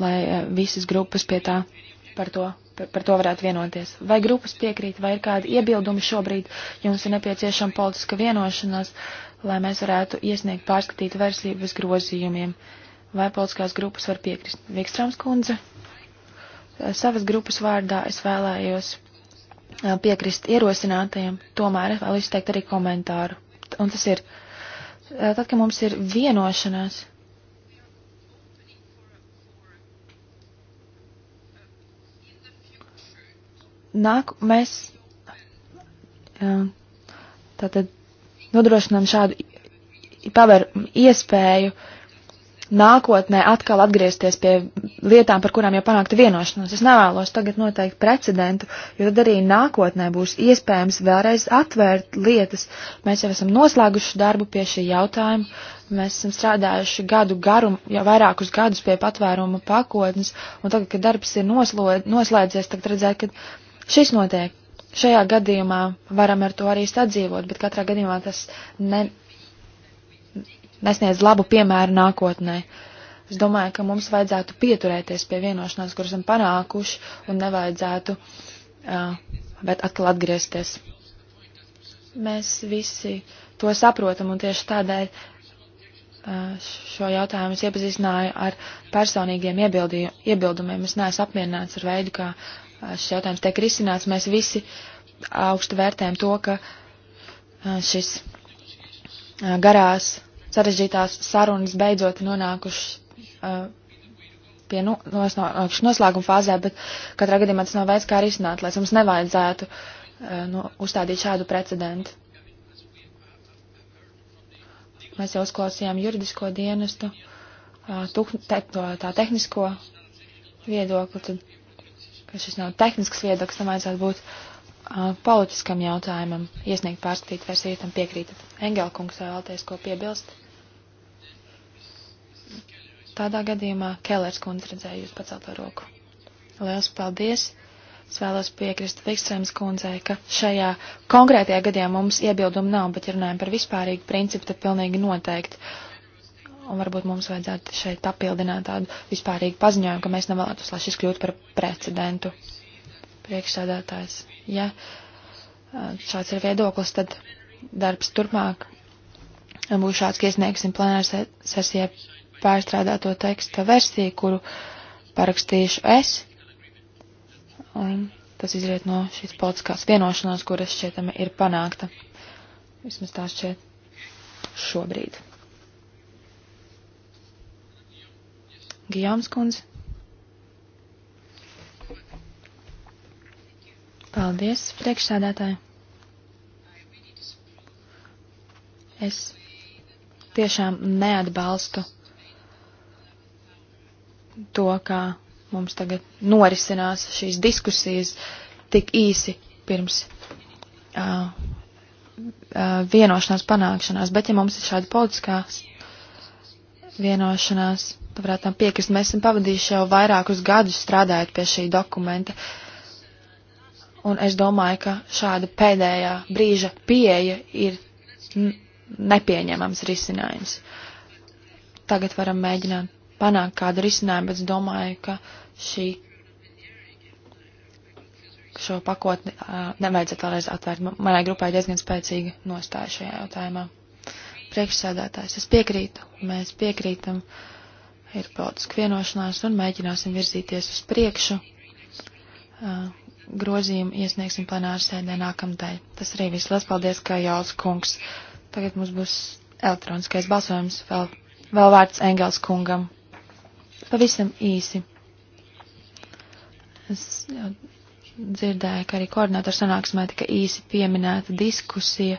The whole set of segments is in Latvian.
lai eh, visas grupas pie tā par to, par, par to varētu vienoties. Vai grupas piekrīt, vai ir kādi iebildumi šobrīd, jums ir nepieciešama politiska vienošanās, lai mēs varētu iesniegt pārskatītu versiju bez grozījumiem. Vai politiskās grupas var piekrist? Vikstrāms kundze, eh, savas grupas vārdā es vēlējos eh, piekrist ierosinātajiem, tomēr vēl izteikt arī komentāru. Un tas ir, tad, kad mums ir vienošanās nāk, mēs jā, tātad nodrošinām šādu paver iespēju nākotnē atkal atgriezties pie lietām, par kurām jau panākta vienošanās. Es nevēlos tagad noteikt precedentu, jo tad arī nākotnē būs iespējams vēlreiz atvērt lietas. Mēs jau esam noslēguši darbu pie šī jautājuma, mēs esam strādājuši gadu garumu, jau vairākus gadus pie patvēruma pakotnes, un tagad, kad darbs ir noslēdzies, tagad redzēt, ka Šis notiek. Šajā gadījumā varam ar to arī sadzīvot, bet katrā gadījumā tas ne, nesniedz labu piemēru nākotnē. Es domāju, ka mums vajadzētu pieturēties pie vienošanās, kuras esam panākuši, un nevajadzētu, uh, bet atkal atgriezties. Mēs visi to saprotam, un tieši tādēļ uh, šo jautājumu es iepazīstināju ar personīgiem iebildumiem. Es neesmu apmierināts ar veidu, kā šis jautājums tiek risināts. Mēs visi augstu vērtējam to, ka šis garās, sarežģītās sarunas beidzot nonākušas pie nu, noslēguma fāzē, bet katrā gadījumā tas nav veids, kā risināt, lai mums nevajadzētu nu, uzstādīt šādu precedentu. Mēs jau uzklausījām juridisko dienestu, tuk, te, to, tā tehnisko viedokli, tad ka šis nav tehnisks viedoklis, tam vajadzētu būt uh, politiskam jautājumam, iesniegt pārskatīt versiju, tam piekrītat. Engelkungs vēlties ko piebilst. Tādā gadījumā Kellers kundze redzēja jūs pacelto roku. Liels paldies! Es vēlos piekrist Vikstrēmas kundzei, ka šajā konkrētajā gadījumā mums iebildumu nav, bet ja runājam par vispārīgu principu, tad pilnīgi noteikti un varbūt mums vajadzētu šeit papildināt tādu vispārīgu paziņojumu, ka mēs nevēlētos, lai šis kļūtu par precedentu priekšsēdētājs. Ja šāds ir viedoklis, tad darbs turpmāk būs šāds, ka iesniegsim plenāru sesijā pārstrādāto teksta versiju, kuru parakstīšu es. Un tas izriet no šīs politiskās vienošanās, kuras šķietami ir panākta. Vismaz tā šķiet šobrīd. Gijāms kundze. Paldies, priekšsādātāji. Es tiešām neatbalstu to, kā mums tagad norisinās šīs diskusijas tik īsi pirms uh, uh, vienošanās panākšanās, bet ja mums ir šāda politiskā vienošanās, varētu tam piekrist. Mēs esam pavadījuši jau vairākus gadus strādājot pie šī dokumenta. Un es domāju, ka šāda pēdējā brīža pieeja ir nepieņemams risinājums. Tagad varam mēģināt panākt kādu risinājumu, bet es domāju, ka šī, šo pakotni nevajadzētu vēlreiz atvērt. Manai grupai diezgan spēcīga nostāja šajā jautājumā. Priekšsēdētājs, es piekrītu, mēs piekrītam. Uh, ir politisku vienošanās un mēģināsim virzīties uz priekšu. Grozījumu iesniegsim plenāru sēdē nākamdēļ. Tas arī viss. Lielas paldies, kā Jāls kungs. Tagad mums būs elektroniskais balsojums. Vēl, vēl vārds Engels kungam. Pavisam īsi. Es jau dzirdēju, ka arī koordinātoru sanāksmē tika īsi pieminēta diskusija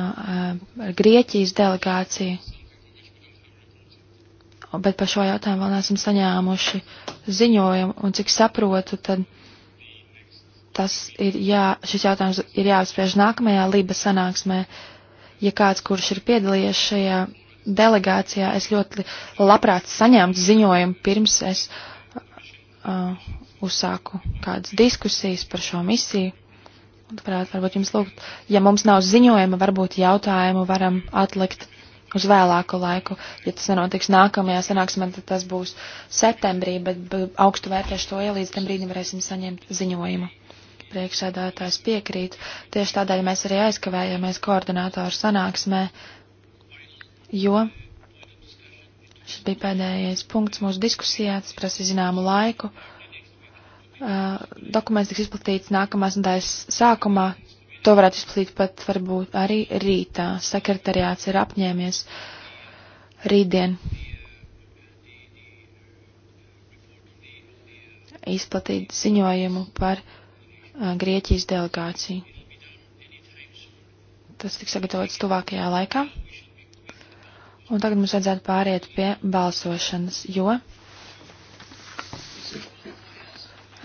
ar Grieķijas delegāciju bet par šo jautājumu vēl neesam saņēmuši ziņojumu, un cik saprotu, tad tas ir jā, šis jautājums ir jāapspriež nākamajā Liba sanāksmē. Ja kāds, kurš ir piedalījies šajā delegācijā, es ļoti labprāt saņemtu ziņojumu pirms es uh, uzsāku kādas diskusijas par šo misiju. Un varētu varbūt jums lūgt, ja mums nav ziņojuma, varbūt jautājumu varam atlikt uz vēlāku laiku. Ja tas nenotiks nākamajā sanāksmē, tad tas būs septembrī, bet augstu vērtēšu to, ja līdz tam brīdim varēsim saņemt ziņojumu. Priekšsēdētājs piekrīt. Tieši tādēļ mēs arī aizkavējāmies koordinātoru sanāksmē, jo šis bija pēdējais punkts mūsu diskusijā, tas prasīja zināmu laiku. Uh, dokuments tiks izplatīts nākamās nedēļas sākumā, to varētu izplatīt pat varbūt arī rītā. Sekretariāts ir apņēmies rītdien izplatīt ziņojumu par a, Grieķijas delegāciju. Tas tiks sagatavots tuvākajā laikā. Un tagad mums vajadzētu pāriet pie balsošanas, jo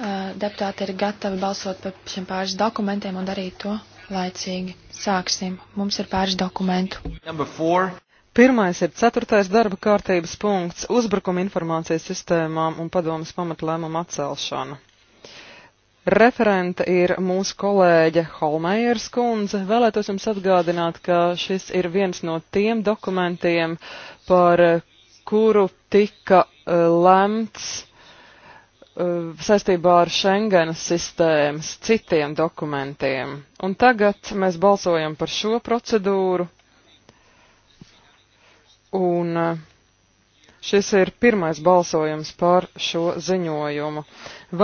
deputāti ir gatavi balsot par šiem pāris dokumentiem un darīt to laicīgi. Sāksim. Mums ir pāris dokumentu. Pirmais ir ceturtais darba kārtības punkts - uzbrukuma informācijas sistēmām un padomas pamatlēmuma atcelšana. Referente ir mūsu kolēģe Holmējers kundze. Vēlētos jums atgādināt, ka šis ir viens no tiem dokumentiem, par kuru tika lemts Eh, saistībā ar Schengenas sistēmas citiem dokumentiem. Un tagad mēs balsojam par šo procedūru. Un eh, šis ir pirmais balsojums par šo ziņojumu.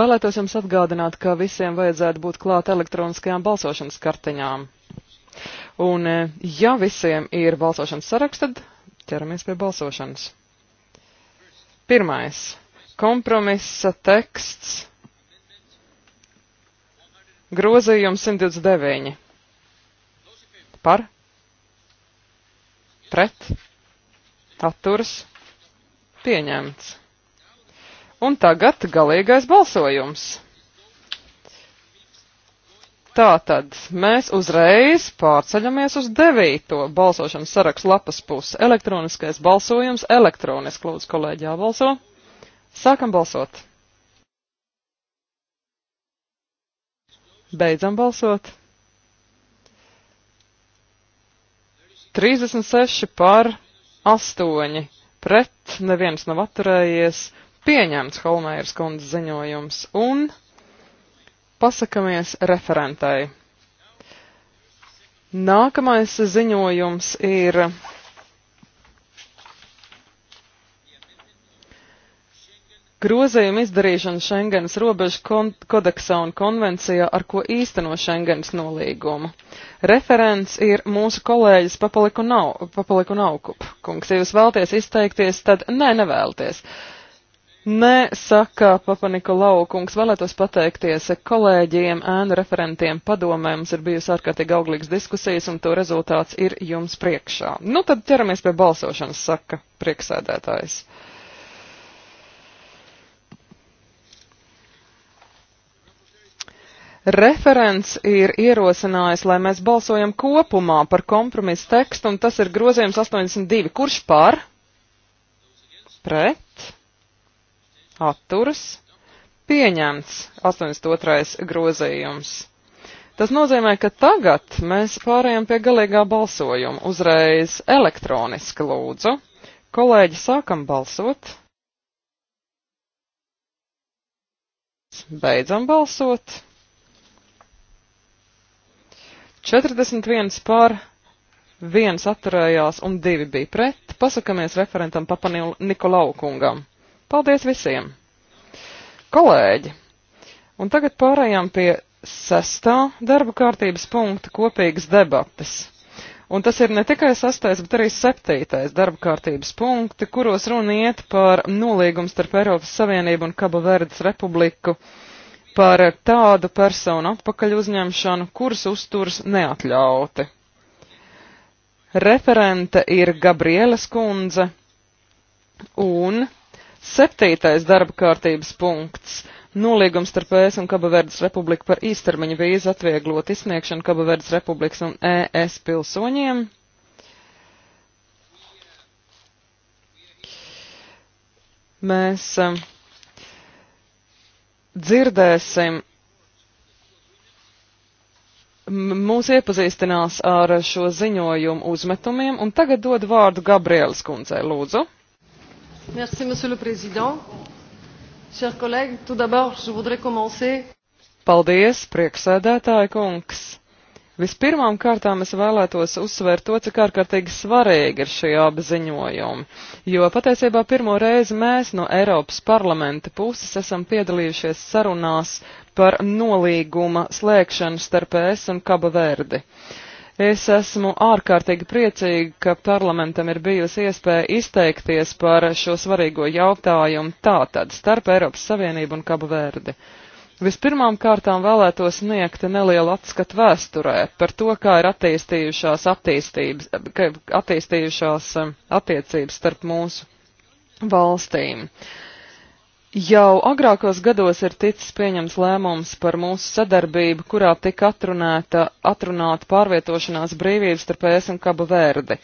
Vēlētos jums atgādināt, ka visiem vajadzētu būt klāt elektroniskajām balsošanas kartiņām. Un eh, ja visiem ir balsošanas saraksts, tad ķeramies pie balsošanas. Pirmais Kompromisa teksts. Grozījums 129. Par? Pret? Atturs? Pieņemts. Un tagad galīgais balsojums. Tātad mēs uzreiz pārceļamies uz devīto balsošanas sarakstu lapas pusi. Elektroniskais balsojums, elektroniski lūdzu kolēģi jābalso. Sākam balsot. Beidzam balsot. 36 par 8 pret, neviens nav atturējies, pieņemts Holmēras kundzes ziņojums un pasakamies referentai. Nākamais ziņojums ir grozījumu izdarīšanu Schengenas robežu kodeksā un konvencijā, ar ko īsteno Schengenas nolīgumu. Referents ir mūsu kolēģis Papaliku, Nau, Papaliku Naukup. Kungs, ja jūs vēlties izteikties, tad nē, nevēlties. Nē, saka Papaniku Laukungs, vēlētos pateikties kolēģiem, ēnu referentiem, padomē, mums ir bijusi ārkārtīgi auglīgas diskusijas un to rezultāts ir jums priekšā. Nu tad ķeramies pie balsošanas, saka prieksēdētājs. Referents ir ierosinājis, lai mēs balsojam kopumā par kompromisu tekstu, un tas ir grozījums 82. Kurš par? Pret? Atturas? Pieņemts 82. grozījums. Tas nozīmē, ka tagad mēs pārējām pie galīgā balsojuma. Uzreiz elektroniski lūdzu. Kolēģi, sākam balsot. Beidzam balsot. 41 pār, viens atturējās un divi bija pret. Pasakamies referentam Papanil Nikolau kungam. Paldies visiem! Kolēģi! Un tagad pārējām pie sestā darba kārtības punkta kopīgas debates. Un tas ir ne tikai sastais, bet arī septītais darba kārtības punkti, kuros runa iet par nolīgumu starp Eiropas Savienību un Kaba Verdes Republiku. Uh, par tādu personu atpakaļ uzņemšanu, kuras uzturs neatļauti. Referente ir Gabrielas kundze un septītais darba kārtības punkts - nolīgums starp ES un Kabaverdes republiku par īstermiņa vīzu atvieglot izsniegšanu Kabaverdes republikas un ES pilsoņiem. Mēs um, dzirdēsim, mūs iepazīstinās ar šo ziņojumu uzmetumiem, un tagad dod vārdu Gabrielas kundzei, lūdzu. Merci, monsieur le président. Chers collègues, tout d'abord, je voudrais commencer. Paldies, prieksēdētāja kungs. Vispirmām kārtām es vēlētos uzsvērt to, cik ārkārtīgi svarīgi ir šie abi ziņojumi, jo patiesībā pirmo reizi mēs no Eiropas parlamenta puses esam piedalījušies sarunās par nolīguma slēgšanu starp ES un Kaba Verdi. Es esmu ārkārtīgi priecīga, ka parlamentam ir bijusi iespēja izteikties par šo svarīgo jautājumu tātad starp Eiropas Savienību un Kabu Verdi. Vispirmām kārtām vēlētos sniegt nelielu atskatu vēsturē par to, kā ir attīstījušās, attīstības, attīstījušās um, attiecības starp mūsu valstīm. Uh, Jau agrākos gados ir ticis pieņems lēmums par mūsu sadarbību, kurā tika atrunēta, atrunāta pārvietošanās brīvības starp ES un Kabu Verdi.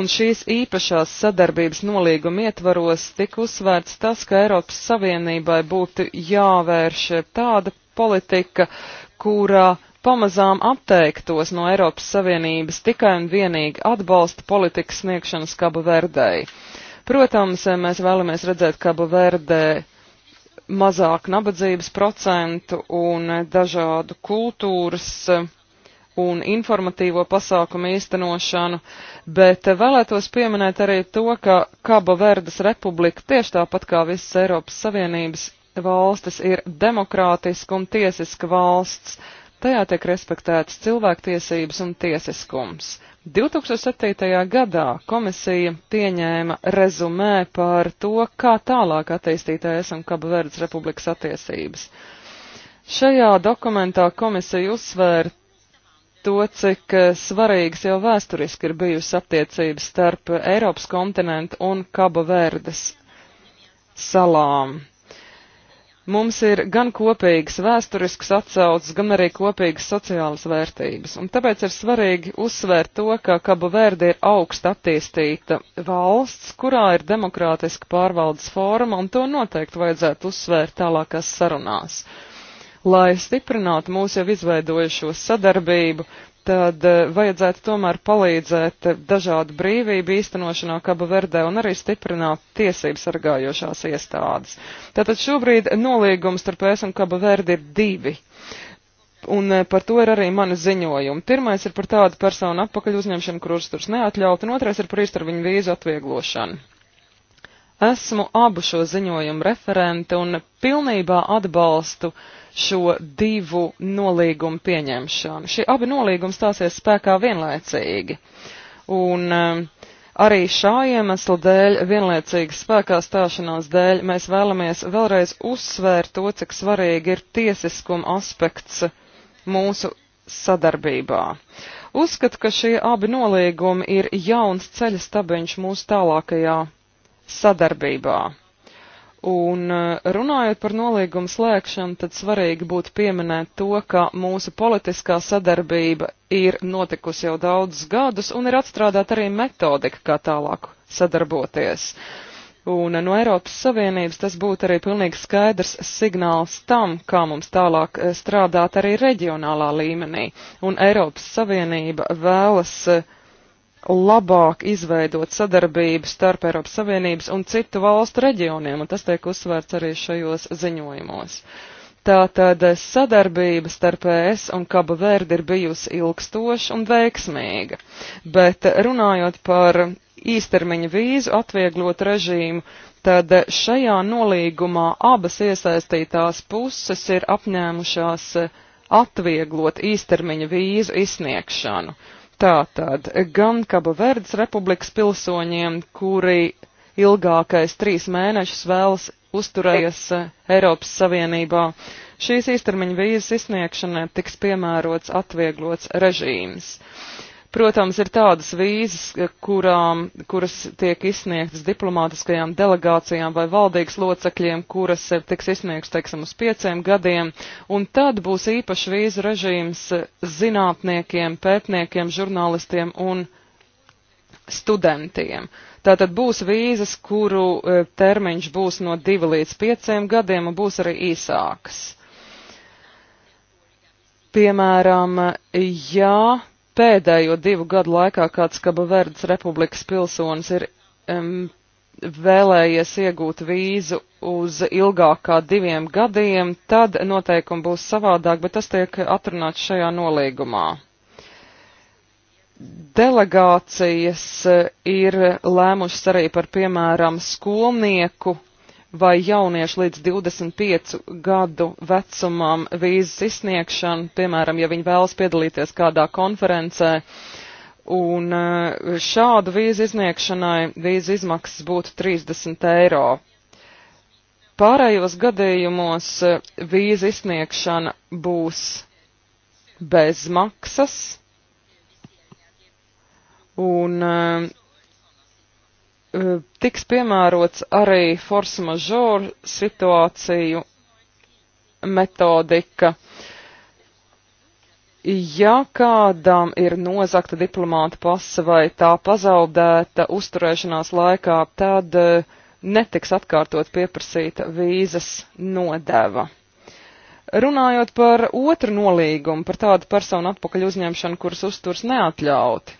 Un šīs īpašās sadarbības nolīguma ietvaros tika uzsvērts tas, ka Eiropas Savienībai būtu jāvērš tāda politika, kura pamazām atteiktos no Eiropas Savienības tikai un vienīgi atbalsta politikas sniegšanas Kabu Verdei. Protams, mēs vēlamies redzēt Kabu Verdei mazāk nabadzības procentu un dažādu kultūras un informatīvo pasākumu īstenošanu, bet vēlētos pieminēt arī to, ka Kaba Verdes republika tieši tāpat kā visas Eiropas Savienības valstis ir demokrātiska un tiesiska valsts. Tajā tiek respektētas cilvēktiesības un tiesiskums. 2007. gadā komisija pieņēma rezumē par to, kā tālāk attīstīt ES un Kabaverdes republikas attiecības. Šajā dokumentā komisija uzsvēra to, cik eh, svarīgas jau vēsturiski ir bijusi attiecības starp Eiropas kontinentu un Kaba Verdes salām. Mums ir gan kopīgas vēsturiskas atsauces, gan arī kopīgas sociālas vērtības, un tāpēc ir svarīgi uzsvērt to, ka Kabu Verde ir augst attīstīta valsts, kurā ir demokrātiska pārvaldes forma, un to noteikti vajadzētu uzsvērt tālākās sarunās lai stiprinātu mūsu jau izveidojušo sadarbību, tad eh, vajadzētu tomēr palīdzēt dažādu brīvību īstenošanā Kabaverdē un arī stiprināt tiesību sargājošās iestādes. Tātad šobrīd nolīgums starp ES un Kabaverdi ir divi. Un eh, par to ir arī mani ziņojumi. Pirmais ir par tādu personu apakaļ uzņemšanu, kurus tur neatļaut, un otrais ir par īstermiņu vīzu atvieglošanu. Esmu abu šo ziņojumu referente un pilnībā atbalstu uh, šo divu nolīgumu pieņemšanu. Šie abi nolīgumi stāsies spēkā vienlaicīgi. Un um, arī šā iemesla dēļ, vienlaicīgas spēkā stāšanās dēļ, mēs vēlamies vēlreiz uzsvērt to, cik svarīgi ir tiesiskuma aspekts mūsu sadarbībā. Uzskatu, ka šie abi nolīgumi ir jauns ceļa stabiņš mūsu tālākajā sadarbībā. Un eh, runājot par nolīgumu slēgšanu, tad svarīgi būtu pieminēt to, ka mūsu politiskā sadarbība ir notikusi jau daudzus gadus un ir atstrādāta arī metodika, kā tālāk sadarboties. Un eh, no Eiropas Savienības tas būtu arī pilnīgi skaidrs signāls tam, kā mums tālāk eh, strādāt arī reģionālā līmenī. Un Eiropas Savienība vēlas uh, labāk izveidot sadarbību starp Eiropas Savienības un citu valstu reģioniem, un tas tiek uzsvērts arī šajos ziņojumos. Tātad sadarbība starp ES un Kaba Verdi ir bijusi ilgstoša un veiksmīga, bet runājot par īstermiņa vīzu atvieglot režīmu, tad šajā nolīgumā abas iesaistītās puses ir apņēmušās atvieglot īstermiņa vīzu izsniegšanu. Tātad gan Kabaverdes republikas pilsoņiem, kuri ilgākais trīs mēnešus vēlas uzturējies eh, Eiropas Savienībā, šīs īstermiņa vīzes izsniegšanai tiks piemērots atvieglots režīms. Uh, Protams, ir tādas vīzes, kurām, kuras tiek izsniegtas diplomātiskajām delegācijām vai valdīgas locekļiem, kuras tiks izsniegtas, teiksim, uz pieciem gadiem, un tad būs īpaši vīzu režīms zinātniekiem, pētniekiem, žurnālistiem un studentiem. Tātad būs vīzas, kuru e, termiņš būs no divi līdz pieciem gadiem un būs arī īsākas. Piemēram, ja pēdējo divu gadu laikā kāds Kabaverdes republikas pilsonis ir um, vēlējies iegūt vīzu uz ilgāk kā diviem gadiem, tad noteikumi būs savādāk, bet tas tiek atrunāts šajā nolīgumā. Delegācijas ir lēmušas arī par, piemēram, skolnieku vai jaunieši līdz 25 gadu vecumam vīzas izsniegšanu, piemēram, ja viņi vēlas piedalīties kādā konferencē. Un eh, šādu vīzu izniegšanai vīzu izmaksas būtu 30 eiro. Pārējos gadījumos eh, vīzu izsniegšana būs bez maksas, un eh, Eh, tiks piemērots arī force majeure situāciju metodika. Ja kādam ir nozakta diplomāta pasa vai tā pazaudēta uzturēšanās laikā, tad eh, netiks atkārtot pieprasīta vīzas nodeva. Runājot par otru nolīgumu, par tādu personu atpakaļ uzņemšanu, kuras uzturs neatļauti,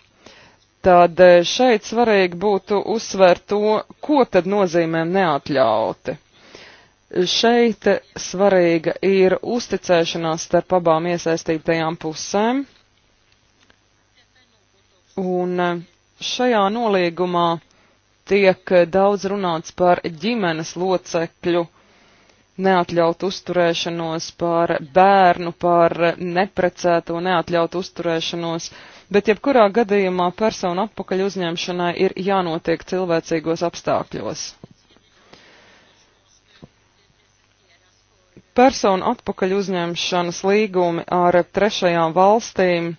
tad e, šeit svarīgi būtu uzsvērt to, ko tad nozīmē neatļauti. Šeit svarīga ir uzticēšanās starp abām iesaistītajām pusēm, un e, šajā nolīgumā tiek daudz runāts par ģimenes locekļu neatļautu uzturēšanos, par bērnu, par neprecēto neatļautu uzturēšanos. Uh, bet jebkurā gadījumā personu apakaļ uzņemšanai ir jānotiek cilvēcīgos apstākļos. Personu atpakaļ uzņemšanas līgumi ar trešajām valstīm,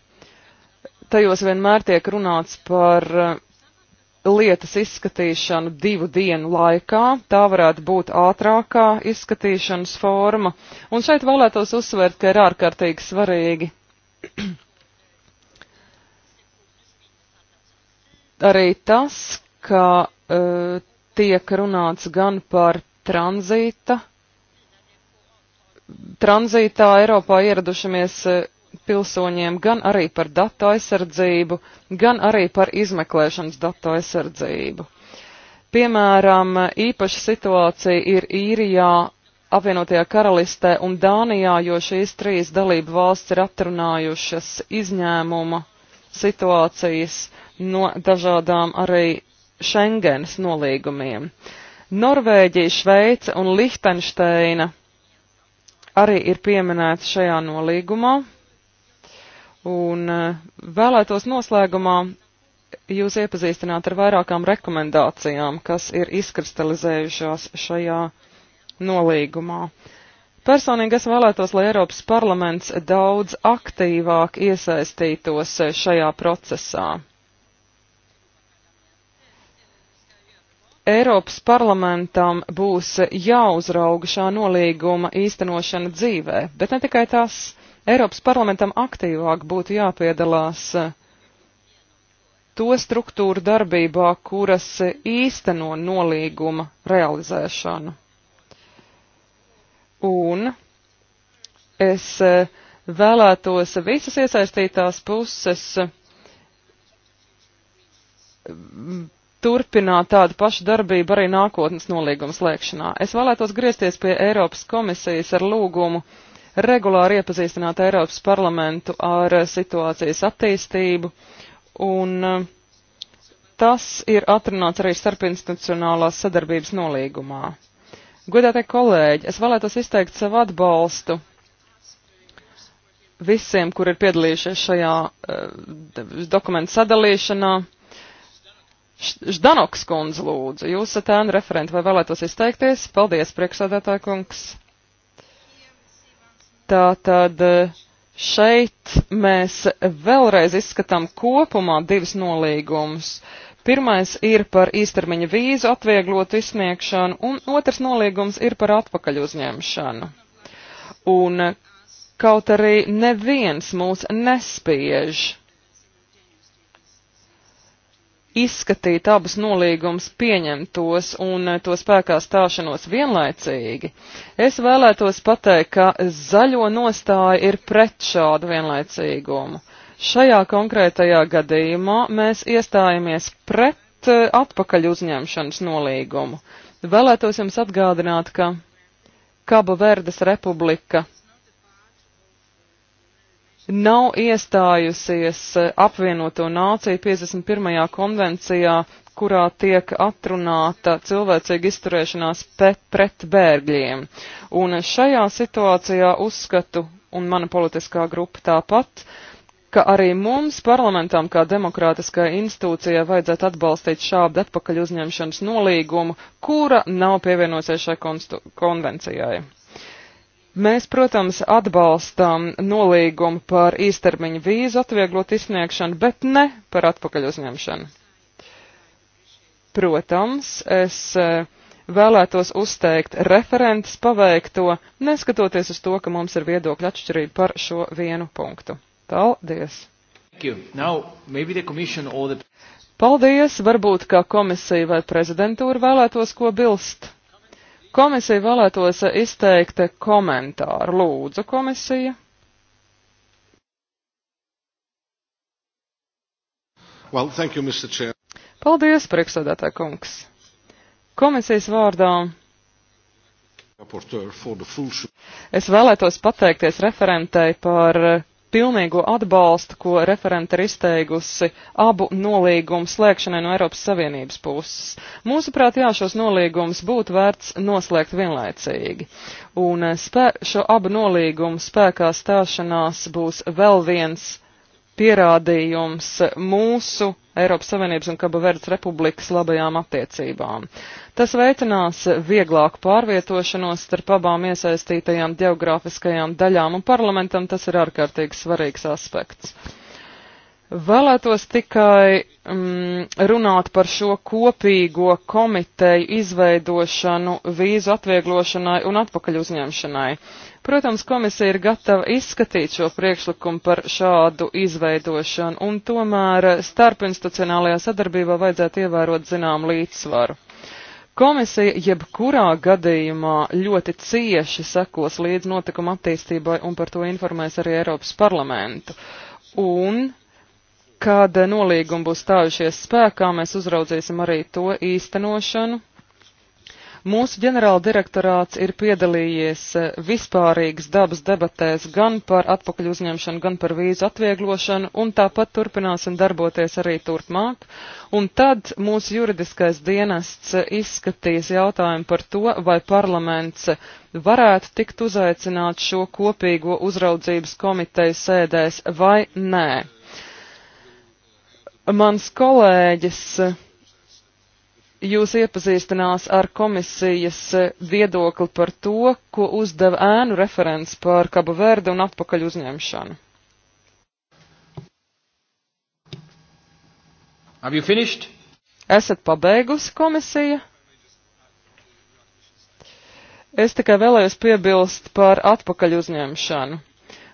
tajos vienmēr tiek runāts par eh, lietas izskatīšanu divu dienu laikā. Tā varētu būt ātrākā izskatīšanas forma. Un šeit vēlētos uzsvērt, ka ir ārkārtīgi svarīgi arī tas, ka uh, tiek runāts gan par tranzīta, tranzītā Eiropā ieradušamies uh, pilsoņiem, gan arī par datu aizsardzību, gan arī par izmeklēšanas datu aizsardzību. Piemēram, īpaša situācija ir īrijā, apvienotajā karalistē un Dānijā, jo šīs trīs dalību valsts ir atrunājušas izņēmuma situācijas, no dažādām arī Schengens nolīgumiem. Norvēģija, Šveica un Lihtenšteina arī ir pieminēts šajā nolīgumā. Un eh, vēlētos noslēgumā jūs iepazīstināt ar vairākām rekomendācijām, kas ir izkristalizējušās šajā nolīgumā. Personīgi es vēlētos, lai Eiropas parlaments daudz aktīvāk iesaistītos šajā procesā. Eiropas parlamentam būs jāuzrauga šā nolīguma īstenošana dzīvē, bet ne tikai tas. Eiropas parlamentam aktīvāk būtu jāpiedalās to struktūru darbībā, kuras īsteno nolīguma realizēšanu. Un es vēlētos visas iesaistītās puses turpināt tādu pašu darbību arī nākotnes nolīguma slēgšanā. Es vēlētos griezties pie Eiropas komisijas ar lūgumu regulāri iepazīstināt Eiropas parlamentu ar eh, situācijas attīstību, un eh, tas ir atrunāts arī starpinstitucionālās sadarbības nolīgumā. Godātie kolēģi, es vēlētos izteikt savu atbalstu visiem, kur ir piedalījušies šajā uh, dokumentu sadalīšanā. Uh, Ždanoks kundze lūdzu, jūs esat ēna referenti, vai vēlētos izteikties? Paldies, priekšsādātāja kungs. Tā tad šeit mēs vēlreiz izskatām kopumā divas nolīgumus. Pirmais ir par īstermiņa vīzu atvieglotu izsniegšanu, un otrs nolīgums ir par atpakaļ uzņemšanu. Un kaut arī neviens mūs nespiež izskatīt abus nolīgumus, pieņemt tos un eh, to spēkā stāšanos vienlaicīgi. Es vēlētos pateikt, ka zaļo nostāja ir pret šādu vienlaicīgumu. Šajā konkrētajā gadījumā mēs iestājamies pret eh, atpakaļ uzņemšanas nolīgumu. Vēlētos jums atgādināt, ka Kaba Verdes republika nav iestājusies eh, apvienoto nāciju 51. konvencijā, kurā tiek atrunāta cilvēcīga izturēšanās pret bērgļiem. Un šajā situācijā uzskatu, un mana politiskā grupa tāpat, ka arī mums parlamentam kā demokrātiskai institūcijai vajadzētu atbalstīt šādu atpakaļ uzņemšanas nolīgumu, kura nav pievienosies šai konvencijai. Mēs, protams, atbalstam nolīgumu par īstermiņu vīzu atvieglot izsniegšanu, bet ne par atpakaļ uzņemšanu. Protams, es e, vēlētos uzteikt referents paveikto, neskatoties uz to, ka mums ir viedokļa atšķirība par šo vienu punktu. Paldies! Now, the... Paldies! Varbūt kā komisija vai prezidentūra vēlētos ko bilst. Komisija vēlētos izteikt komentāru. Lūdzu, komisija. Well, thank you, Mr. Chair. Paldies, priekšsēdētā kungs. Komisijas vārdā es vēlētos pateikties referentei par pilnīgo atbalstu, ko referenta ir izteigusi abu nolīgumu slēgšanai no Eiropas Savienības puses. Mūsuprāt, jā, šos nolīgumus būtu vērts noslēgt vienlaicīgi. Un eh, spē, šo abu nolīgumu spēkā stāšanās būs vēl viens pierādījums mūsu Eiropas Savienības un Kabaverdes republikas labajām attiecībām. Tas veicinās vieglāku pārvietošanos starp abām iesaistītajām geogrāfiskajām daļām, un parlamentam tas ir ārkārtīgi svarīgs aspekts. Vēlētos tikai mm, runāt par šo kopīgo komiteju izveidošanu vīzu atvieglošanai un atpakaļ uzņemšanai. Uh, Protams, komisija ir gatava izskatīt šo priekšlikumu par šādu izveidošanu, un tomēr starpinstitucionālajā sadarbībā vajadzētu ievērot zinām līdzsvaru. Komisija jebkurā gadījumā ļoti cieši sekos līdz notikuma attīstībai un par to informēs arī Eiropas parlamentu. Un, kad nolīgumi būs stājušies spēkā, mēs uzraudzīsim arī to īstenošanu, Mūsu ģenerāldirektorāts ir piedalījies eh, vispārīgas dabas debatēs gan par atpakaļ uzņemšanu, gan par vīzu atvieglošanu, un tāpat turpināsim darboties arī turpmāk. Un tad mūsu juridiskais dienests eh, izskatīs jautājumu par to, vai parlaments eh, varētu tikt uzaicināts šo kopīgo uzraudzības komiteju sēdēs vai nē. Mans kolēģis jūs iepazīstinās ar komisijas eh, viedokli par to, ko uzdeva ēnu referents par Kabu Verdu un atpakaļ uzņemšanu. Have you finished? Esat pabeigusi komisija? Es tikai vēlējos piebilst par atpakaļ uzņemšanu.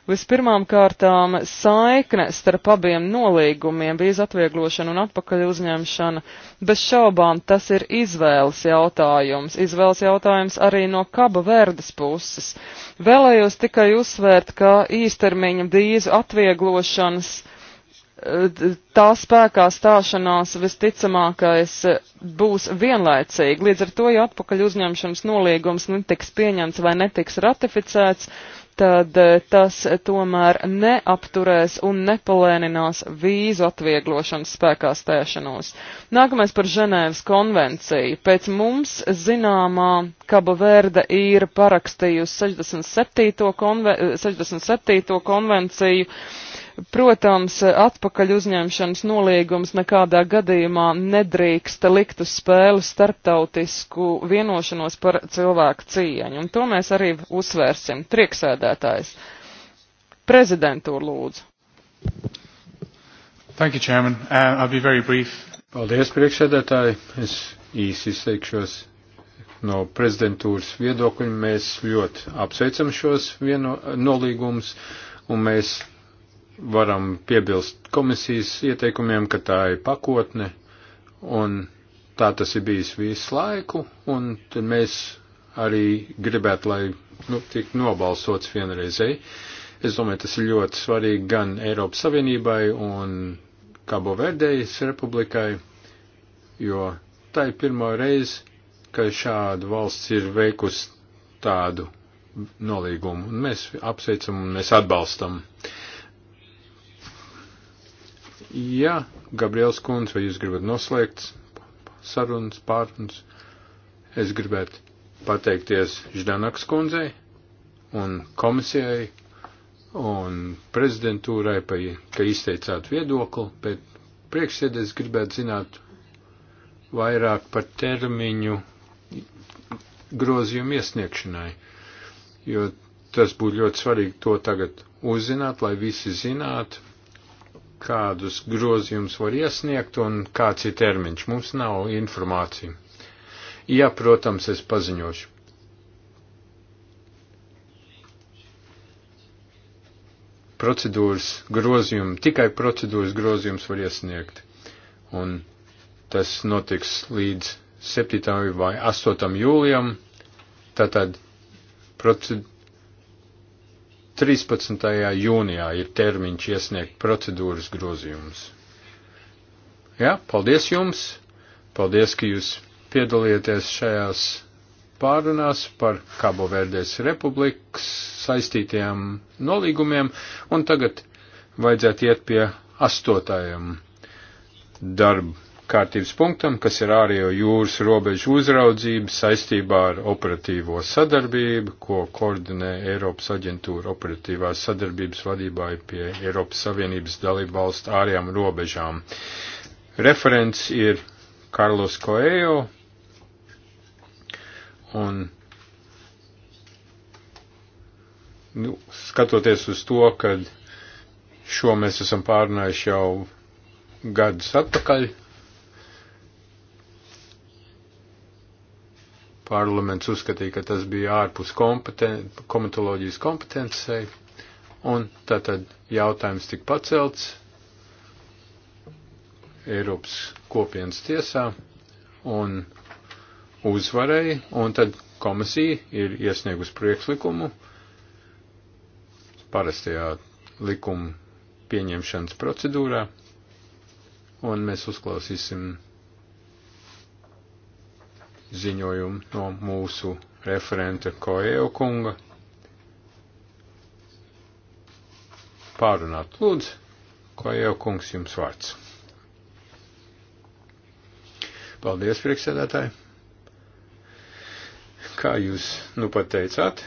Vispirmām kārtām saikne starp abiem nolīgumiem, vīzu atvieglošana un atpakaļ uzņemšana, bez šaubām tas ir izvēles jautājums, izvēles jautājums arī no Kaba Verdes puses. Vēlējos tikai uzsvērt, ka īstermiņa vīzu atvieglošanas eh, tā spēkā stāšanās visticamākais eh, būs vienlaicīgi. Līdz ar to, ja atpakaļ uzņemšanas nolīgums netiks pieņemts vai netiks ratificēts, tad e, tas tomēr neapturēs un nepalēninās vīzu atvieglošanas spēkā stēšanos. Nākamais par Ženēvas konvenciju. Pēc mums zināmā Kaba Verde ir parakstījusi 67. Konve 67. E, konvenciju Protams, atpakaļ uzņemšanas nolīgums nekādā gadījumā nedrīkst likt uz spēles starptautisku vienošanos par cilvēku cieņu, un to mēs arī uzsvērsim. Prieksēdētājs. Prezidentūra lūdzu. Thank you, Chairman. Uh, I'll be very brief. Paldies, priekšsēdētāji. Es īsi izteikšos no prezidentūras viedokļa mēs ļoti apsveicam šos vieno, nolīgumus, un mēs varam piebilst komisijas ieteikumiem, ka tā ir pakotne, un tā tas ir bijis visu laiku, un tad mēs arī gribētu, lai nu, tik nobalsots vienreizēji. Es domāju, tas ir ļoti svarīgi gan Eiropas Savienībai un Kabo Verdējas republikai, jo tā ir pirmo reizi, ka šāda valsts ir veikusi tādu nolīgumu, un mēs apsveicam un mēs atbalstam. Uh, Ja, Gabriels kundze, vai jūs gribat noslēgt sarunas pārunas, es gribētu pateikties Ždanakas kundzei un komisijai un prezidentūrai, pa, ka izteicāt viedokli, bet priekšsēdēs gribētu zināt vairāk par termiņu grozījumu iesniegšanai, jo tas būtu ļoti svarīgi to tagad uzzināt, lai visi zinātu, kādus grozījumus var iesniegt un kāds ir termiņš. Mums nav informācija. Ja, protams, es paziņošu. Procedūras grozījumu, tikai procedūras grozījums var iesniegt. Un tas notiks līdz 7. vai 8. jūlijam. Tātad procedūras 13. jūnijā ir termiņš iesniegt procedūras grozījumus. Jā, ja, paldies jums! Paldies, ka jūs piedalieties šajās pārunās par Kabo Verdes republikas saistītajām nolīgumiem, un tagad vajadzētu iet pie astotajam darbu kārtības punktam, kas ir ārējo jūras robežu uzraudzība saistībā ar operatīvo sadarbību, ko koordinē Eiropas aģentūra operatīvās sadarbības vadībai pie Eiropas Savienības dalību valstu ārējām robežām. Referents ir Karlos Koejo un nu, skatoties uz to, kad šo mēs esam pārnājuši jau gadus atpakaļ, Parlaments uzskatīja, ka tas bija ārpus kompeten komitoloģijas kompetencei, un tātad jautājums tika pacelts Eiropas kopienas tiesā, un uzvarēja, un tad komisija ir iesniegus priekšlikumu parastajā likuma pieņemšanas procedūrā, un mēs uzklausīsim ziņojumu no mūsu referenta Koejo kunga. Pārunāt lūdzu, Koejo kungs jums vārds. Paldies, priekšsēdētāji. Kā jūs nu pateicāt,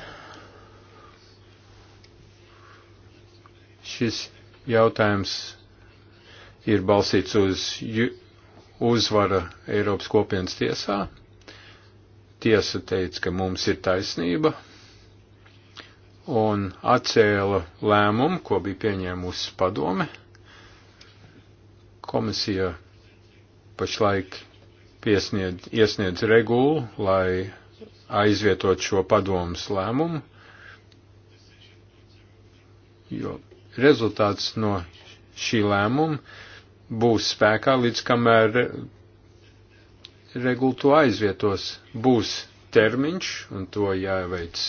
šis jautājums ir balsīts uz uzvara Eiropas kopienas tiesā tiesa teica, ka mums ir taisnība un atcēla lēmumu, ko bija pieņēmusi padome. Komisija pašlaik piesniedz, iesniedz regulu, lai aizvietot šo padomas lēmumu, jo rezultāts no šī lēmuma būs spēkā līdz kamēr regula to aizvietos. Būs termiņš, un to jāveic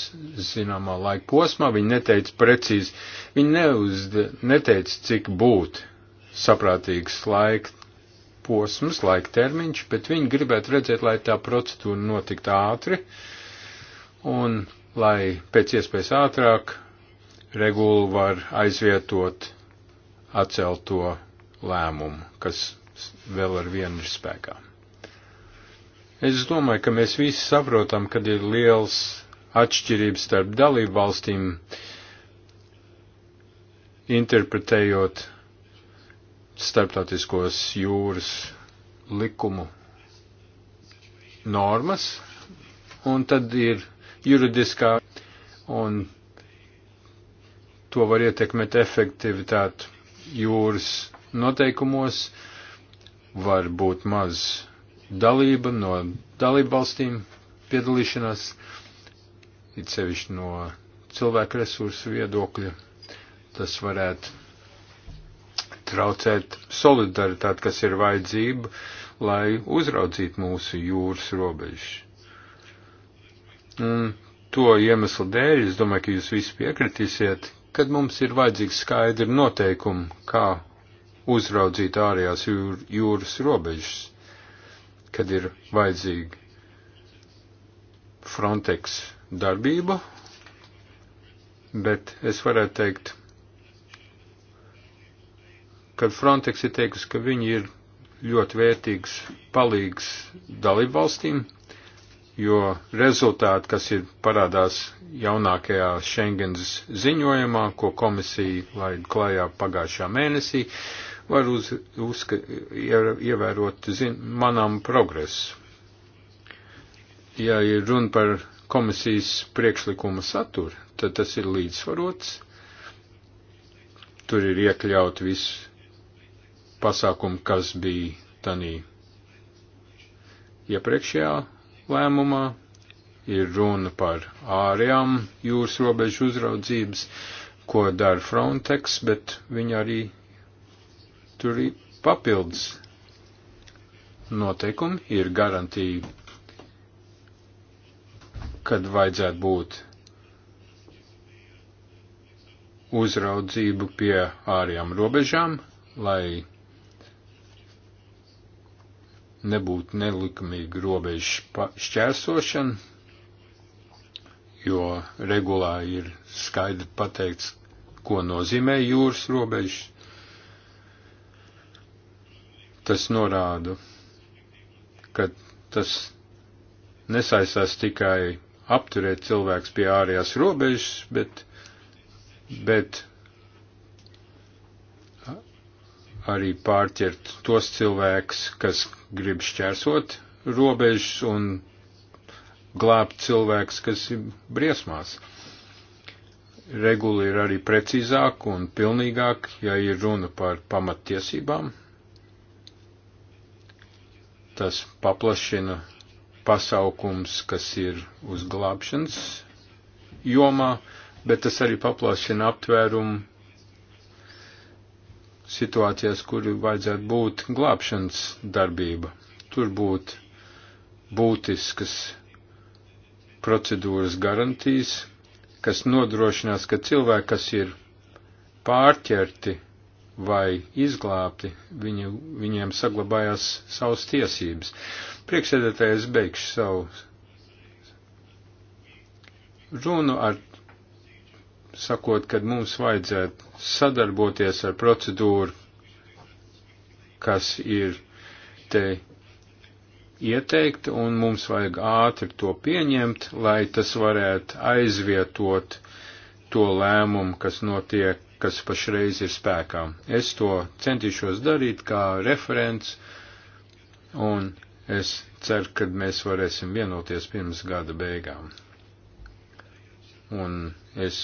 zināmā laika posmā. Viņi neteica precīzi, viņi neuzd, neteica, cik būtu saprātīgs laika posms, laika termiņš, bet viņi gribētu redzēt, lai tā procedūra notiktu ātri, un lai pēc iespējas ātrāk regulu var aizvietot atcelto lēmumu, kas vēl ar vienu ir spēkā. Es domāju, ka mēs visi saprotam, kad ir liels atšķirības starp dalību valstīm, interpretējot starptautiskos jūras likumu normas, un tad ir juridiskā, un to var ietekmēt efektivitāti jūras noteikumos, var būt maz dalība no dalību valstīm, piedalīšanās, it sevišķi no cilvēku resursu viedokļa, tas varētu traucēt solidaritāti, kas ir vajadzība, lai uzraudzītu mūsu jūras robežu. Un to iemeslu dēļ, es domāju, ka jūs visi piekritīsiet, kad mums ir vajadzīgi skaidri noteikumi, kā uzraudzīt ārējās jūr, jūras robežas kad ir vajadzīga Frontex darbība, bet es varētu teikt, kad Frontex ir teikusi, ka viņi ir ļoti vērtīgs palīgs dalībvalstīm, jo rezultāti, kas ir parādās jaunākajā Schengens ziņojumā, ko komisija laid klajā pagājušā mēnesī, uh, var uz, uzska, ievērot zin, manām progresu. Ja ir runa par komisijas priekšlikuma saturu, tad tas ir līdzsvarots. Tur ir iekļaut visu pasākumu, kas bija tanī iepriekšējā lēmumā. Ir runa par ārējām jūras robežu uzraudzības, ko dara Frontex, bet viņi arī Tur ir papildus noteikumi, ir garantija, kad vajadzētu būt uzraudzību pie ārējām robežām, lai nebūtu nelikumīga robeža šķērsošana, jo regulā ir skaidri pateikts, ko nozīmē jūras robežas tas norādu, ka tas nesaistās tikai apturēt cilvēks pie ārējās robežas, bet, bet arī pārķert tos cilvēkus, kas grib šķērsot robežas un glābt cilvēkus, kas ir briesmās. Regula ir arī precīzāka un pilnīgāka, ja ir runa par pamattiesībām, tas paplašina pasaukums, kas ir uz glābšanas jomā, bet tas arī paplašina aptvērumu situācijās, kur vajadzētu būt glābšanas darbība. Tur būtu būtiskas procedūras garantijas, kas nodrošinās, ka cilvēki, kas ir pārķerti vai izglābti, viņu, viņiem saglabājās savas tiesības. Prieksēdētājs beigšu savu runu ar sakot, ka mums vajadzētu sadarboties ar procedūru, kas ir te ieteikta, un mums vajag ātri to pieņemt, lai tas varētu aizvietot to lēmumu, kas notiek kas pašreiz ir spēkā. Es to centīšos darīt kā referents, un es ceru, ka mēs varēsim vienoties pirms gada beigām. Un es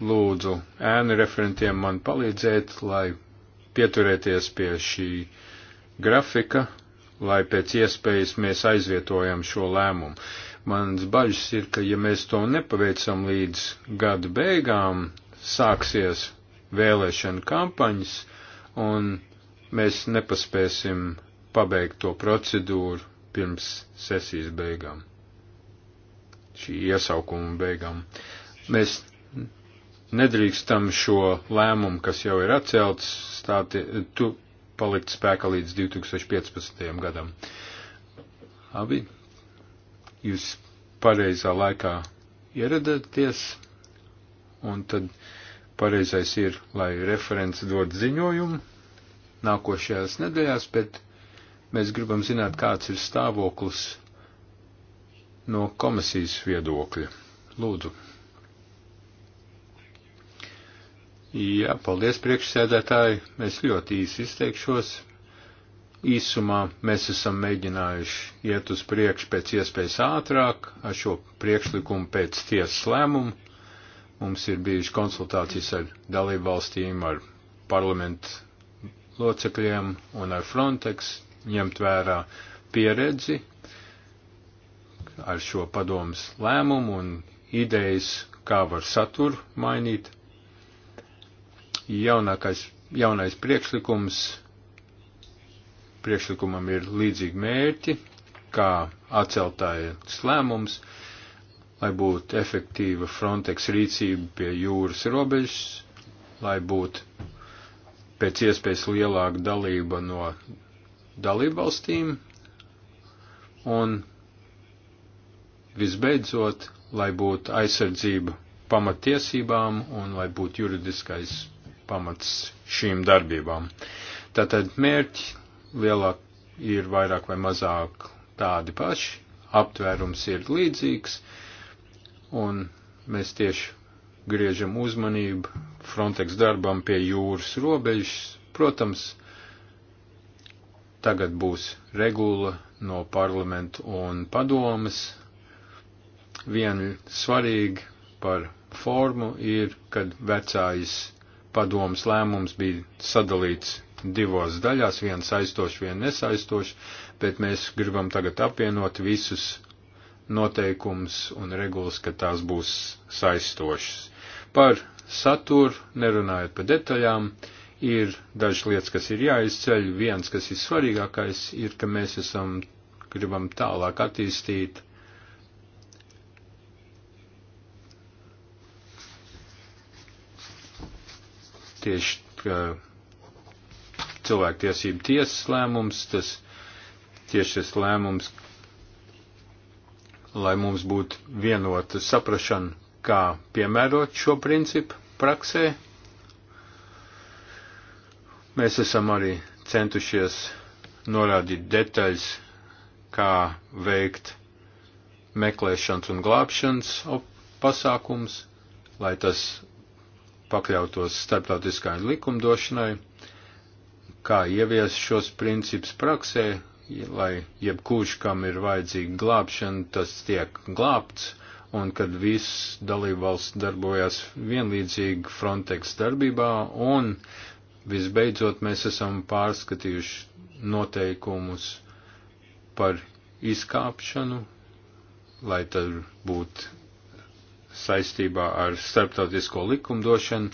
lūdzu ēnu referentiem man palīdzēt, lai pieturēties pie šī grafika, lai pēc iespējas mēs aizvietojam šo lēmumu. Mans bažas ir, ka ja mēs to nepaveicam līdz gada beigām, sāksies vēlēšana kampaņas, un mēs nepaspēsim pabeigt to procedūru pirms sesijas beigām, šī iesaukuma beigām. Mēs nedrīkstam šo lēmumu, kas jau ir atcelts, stāti, tu palikt spēkā līdz 2015. gadam. Abi, jūs pareizā laikā ieradāties, un tad Pareizais ir, lai referents dod ziņojumu nākošajās nedēļās, bet mēs gribam zināt, kāds ir stāvoklis no komisijas viedokļa. Lūdzu. Jā, paldies priekšsēdētāji, es ļoti īsi izteikšos. Īsumā mēs esam mēģinājuši iet uz priekšu pēc iespējas ātrāk ar šo priekšlikumu pēc tiesas lēmumu. Mums ir bijuši konsultācijas ar dalību valstīm, ar parlamentu locekļiem un ar Frontex, ņemt vērā pieredzi ar šo padomas lēmumu un idejas, kā var saturu mainīt. Jaunākais, jaunais priekšlikums, priekšlikumam ir līdzīgi mērķi, kā atceltāja slēmums, lai būtu efektīva Frontex rīcība pie jūras robežas, lai būtu pēc iespējas lielāka dalība no dalībvalstīm un visbeidzot, lai būtu aizsardzība pamatiesībām un lai būtu juridiskais pamats šīm darbībām. Tātad mērķi lielāk ir vairāk vai mazāk tādi paši, aptvērums ir līdzīgs, un mēs tieši griežam uzmanību Frontex darbam pie jūras robežas. Protams, tagad būs regula no parlamentu un padomas. Vien svarīgi par formu ir, kad vecājas padomas lēmums bija sadalīts divos daļās, viens aizstošs, viens nesaistošs, bet mēs gribam tagad apvienot visus noteikums un regulas, ka tās būs saistošas. Par saturu, nerunājot par detaļām, ir dažas lietas, kas ir jāizceļ. Viens, kas ir svarīgākais, ir, ka mēs esam, gribam tālāk attīstīt tieši cilvēktiesību tiesas lēmums, tas tieši tas lēmums, lai mums būtu vienota saprašana, kā piemērot šo principu praksē. Mēs esam arī centušies norādīt detaļas, kā veikt meklēšanas un glābšanas pasākums, lai tas pakļautos starptautiskai likumdošanai, kā ievies šos principus praksē, lai jebkurš, kam ir vajadzīga glābšana, tas tiek glābts, un kad viss dalībvalsts darbojas vienlīdzīgi Frontex darbībā, un visbeidzot mēs esam pārskatījuši noteikumus par izkāpšanu, lai tas būtu saistībā ar starptautisko likumdošanu,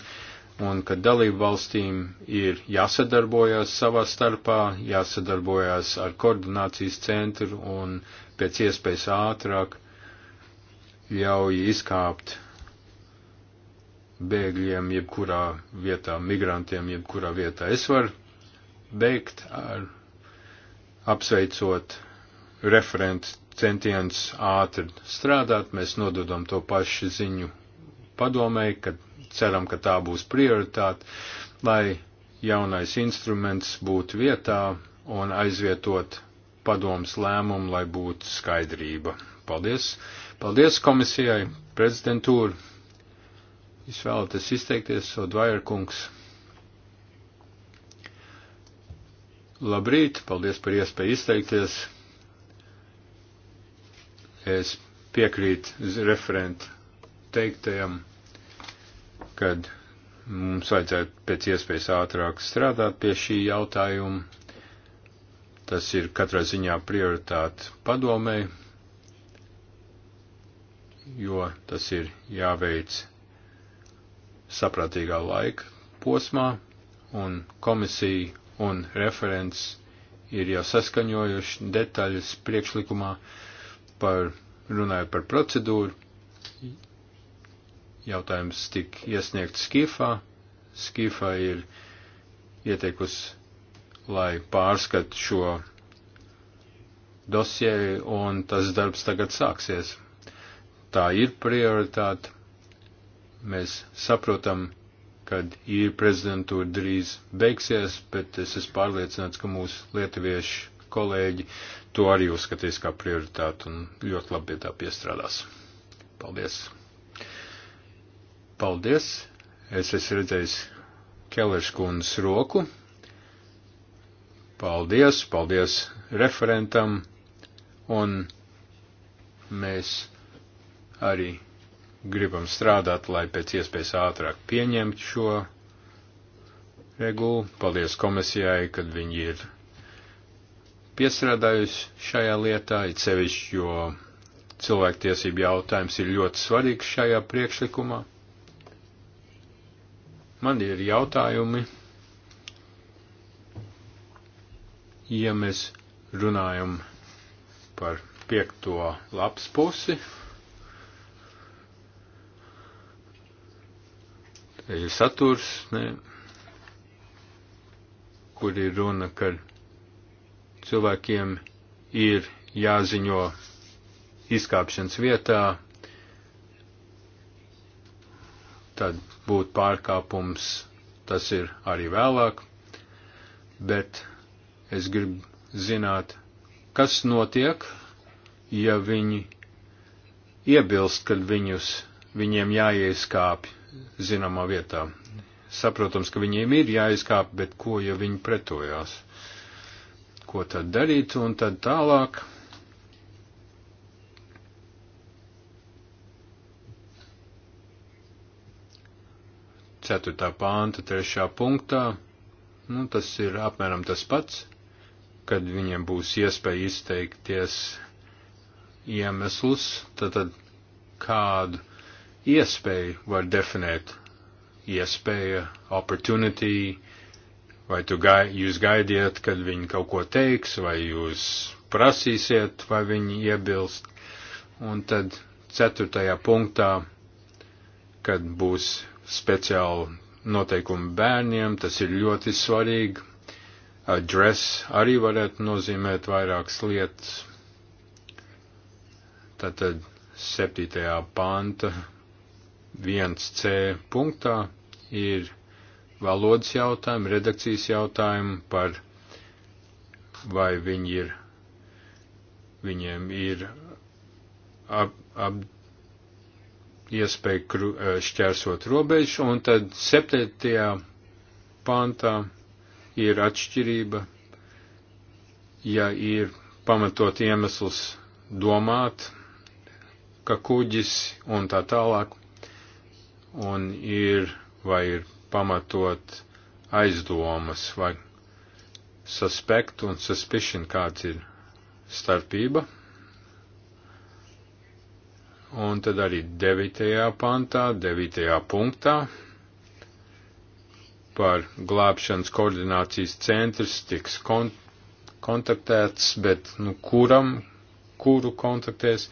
un ka dalību valstīm ir jāsadarbojās savā starpā, jāsadarbojās ar koordinācijas centru un pēc iespējas ātrāk ļauj izkāpt bēgļiem jebkurā vietā, migrantiem jebkurā vietā. Es varu beigt ar apsveicot referentu centienus ātri strādāt, mēs nododam to pašu ziņu padomēji, kad ceram, ka tā būs prioritāte, lai jaunais instruments būtu vietā un aizvietot padoms lēmumu, lai būtu skaidrība. Paldies! Paldies komisijai, prezidentūru! Jūs vēlaties izteikties, Odvair kungs! Labrīt, paldies par iespēju izteikties. Es piekrītu referentu teiktajam kad mums vajadzētu pēc iespējas ātrāk strādāt pie šī jautājuma. Tas ir katrā ziņā prioritāte padomē, jo tas ir jāveic saprātīgā laika posmā, un komisija un referents ir jau saskaņojuši detaļas priekšlikumā par runājot par procedūru, Jautājums tika iesniegts Skifā. Skifā ir ieteikusi, lai pārskat šo dosieju, un tas darbs tagad sāksies. Tā ir prioritāte. Mēs saprotam, kad ir prezidentūra drīz beigsies, bet es esmu pārliecināts, ka mūsu lietuviešu kolēģi to arī uzskatīs kā prioritātu un ļoti labi pie tā piestrādās. Paldies! Paldies! Es esmu redzējis Kellers kundas roku. Paldies, paldies referentam, un mēs arī gribam strādāt, lai pēc iespējas ātrāk pieņemtu šo regulu. Paldies komisijai, kad viņi ir piestrādājusi šajā lietā, it sevišķi, jo cilvēktiesību jautājums ir ļoti svarīgs šajā priekšlikumā. Man ir jautājumi, ja mēs runājam par piekto lapas pusi. Te ir saturs, ne, kur ir runa, ka cilvēkiem ir jāziņo izkāpšanas vietā tad būtu pārkāpums, tas ir arī vēlāk, bet es gribu zināt, kas notiek, ja viņi iebilst, kad viņus, viņiem jāieskāpj zināmā vietā. Saprotams, ka viņiem ir jāieskāpj, bet ko, ja viņi pretojās? Ko tad darīt un tad tālāk? 4. pānta 3. punktā, nu, tas ir apmēram tas pats, kad viņiem būs iespēja izteikties iemeslus, tad, tad kādu iespēju var definēt iespēja, opportunity, vai tu gai, jūs gaidiet, kad viņi kaut ko teiks, vai jūs prasīsiet, vai viņi iebilst. Un tad ceturtajā punktā, kad būs speciāli noteikumi bērniem, tas ir ļoti svarīgi. Dress arī varētu nozīmēt vairākas lietas. Tātad 7. panta 1c punktā ir valodas jautājumi, redakcijas jautājumi par vai viņi ir, viņiem ir ap, ap, iespēju e, šķērsot robežu, un tad septētajā pāntā ir atšķirība, ja ir pamatot iemesls domāt, ka kuģis un tā tālāk, un ir vai ir pamatot aizdomas vai suspect un suspicion kāds ir starpība Un tad arī 9. pantā, 9. punktā par glābšanas koordinācijas centrs tiks kon kontaktēts, bet nu, kuram, kuru kontaktēs,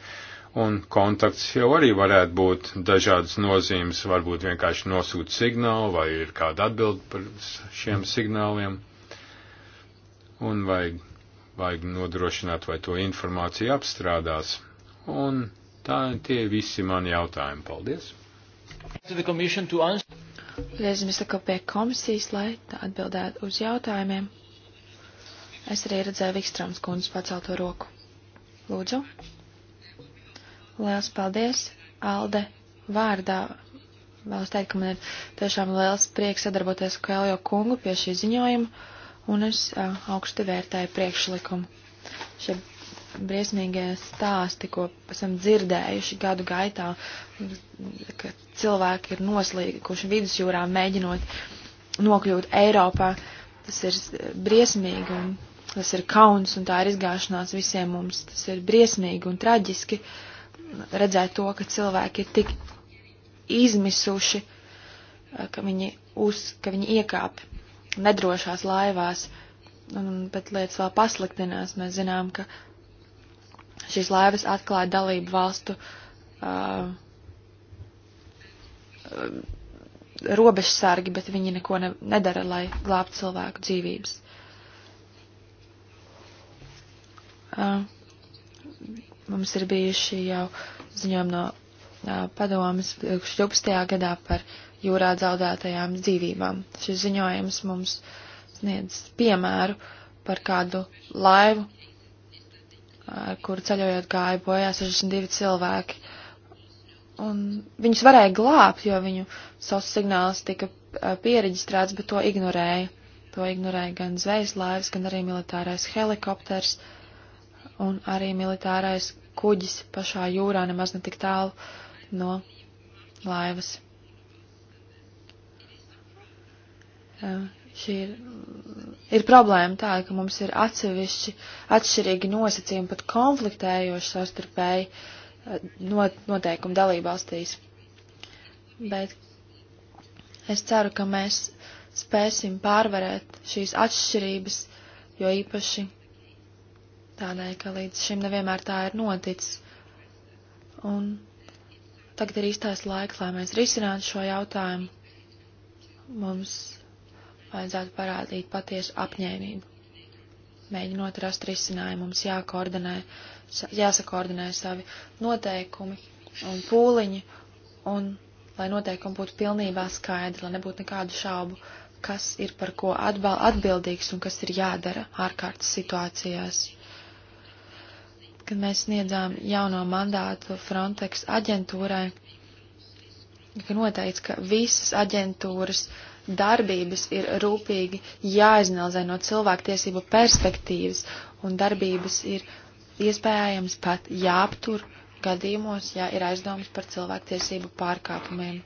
un kontakts jau arī varētu būt dažādas nozīmes, varbūt vienkārši nosūt signālu, vai ir kāda atbilda par šiem signāliem, un vajag, vajag nodrošināt, vai to informāciju apstrādās, un Tā tie visi mani jautājumi. Paldies! Paldies, Mr. Kopie komisijas, lai atbildētu uz jautājumiem. Es arī redzēju Vikstrāms kundzes pacelto roku. Lūdzu. Liels paldies, Alde, vārdā. Vēlos teikt, ka man ir tiešām liels prieks sadarboties ar Kailjo kungu pie šī ziņojuma, un es uh, augstu vērtēju priekšlikumu. Šie briesmīgie stāsti, ko esam dzirdējuši gadu gaitā, ka cilvēki ir noslīkuši vidusjūrā mēģinot nokļūt Eiropā. Tas ir briesmīgi un tas ir kauns un tā ir izgāšanās visiem mums. Tas ir briesmīgi un traģiski redzēt to, ka cilvēki ir tik izmisuši, ka viņi, uz, ka viņi iekāp nedrošās laivās. Un, bet lietas vēl pasliktinās. Mēs zinām, ka uh, šīs laivas atklāja dalību valstu uh, robežsargi, bet viņi neko ne, nedara, lai glābtu cilvēku dzīvības. Uh, mums ir bijuši jau ziņojumi no uh, padomas 12. gadā par jūrā zaudētajām dzīvībām. Šis ziņojums mums sniedz piemēru par kādu laivu, kur ceļojot gāja bojā 62 cilvēki. Un viņus varēja glābt, jo viņu savs signāls tika pieregistrēts, bet to ignorēja. To ignorēja gan zvejas laivas, gan arī militārais helikopters un arī militārais kuģis pašā jūrā nemaz netik tālu no laivas. Šī ir ir problēma tā, ka mums ir atsevišķi atšķirīgi nosacījumi, pat konfliktējoši savstarpēji eh, not, noteikumi dalībvalstīs. Bet es ceru, ka mēs spēsim pārvarēt šīs atšķirības, jo īpaši tādēļ, ka līdz šim nevienmēr tā ir noticis. Un tagad ir īstais laiks, lai mēs risinātu šo jautājumu. Mums vajadzētu parādīt patiesu apņēmību. Mēģinot rast risinājumu, mums jākoordinē, jāsakoordinē savi noteikumi un pūliņi, un lai noteikumi būtu pilnībā skaidri, lai nebūtu nekādu šaubu, kas ir par ko atbal, atbildīgs un kas ir jādara ārkārtas situācijās. Kad mēs sniedzām jauno mandātu Frontex aģentūrai, tika noteikts, ka visas aģentūras darbības ir rūpīgi jāizanalizē no cilvēktiesību perspektīvas, un darbības ir iespējams pat jāaptur gadījumos, ja ir aizdomas par cilvēktiesību pārkāpumiem.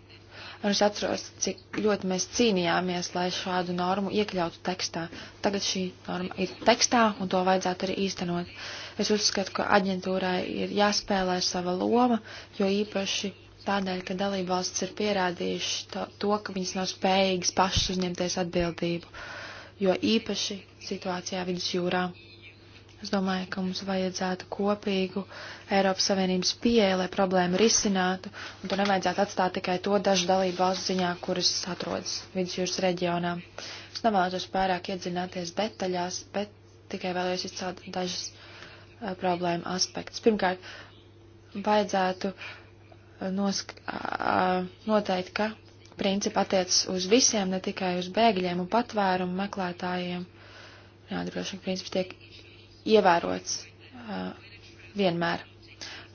Un es atceros, cik ļoti mēs cīnījāmies, lai šādu normu iekļautu tekstā. Tagad šī norma ir tekstā, un to vajadzētu arī īstenot. Es uzskatu, ka aģentūrai ir jāspēlē sava loma, jo īpaši tādēļ, ka dalībvalstis ir pierādījuši to, to, ka viņas nav spējīgas pašas uzņemties atbildību, jo īpaši situācijā vidusjūrā. Es domāju, ka mums vajadzētu kopīgu Eiropas Savienības pieeja, lai problēmu risinātu, un to nevajadzētu atstāt tikai to dažu dalību valstu ziņā, kuras atrodas vidusjūras reģionā. Es nevēlētos pārāk iedzināties detaļās, bet tikai vēlējos izcelt dažas uh, problēma aspektus. Pirmkārt, vajadzētu uh, nosk, a, noteikt, ka principi attiecas uz visiem, ne tikai uz bēgļiem un patvērumu meklētājiem. Jānodrošina, ka princips tiek ievērots a, vienmēr.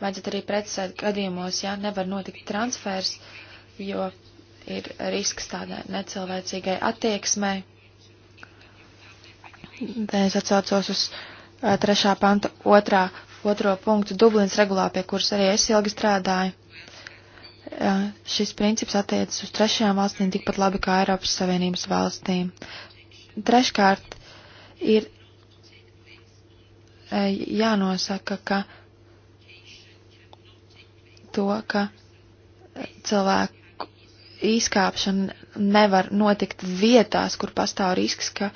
Vajadzētu arī precisēt gadījumos, ja nevar notikt transfers, jo ir risks tādai necilvēcīgai attieksmei. Te es atsaucos uz a, trešā panta otrā, otro punktu Dublins regulā, pie kuras arī es ilgi strādāju šis princips attiecas uz trešajām valstīm tikpat labi kā Eiropas Savienības valstīm. Treškārt ir e, jānosaka, ka to, ka cilvēku izkāpšana nevar notikt vietās, kur pastāv risks, ka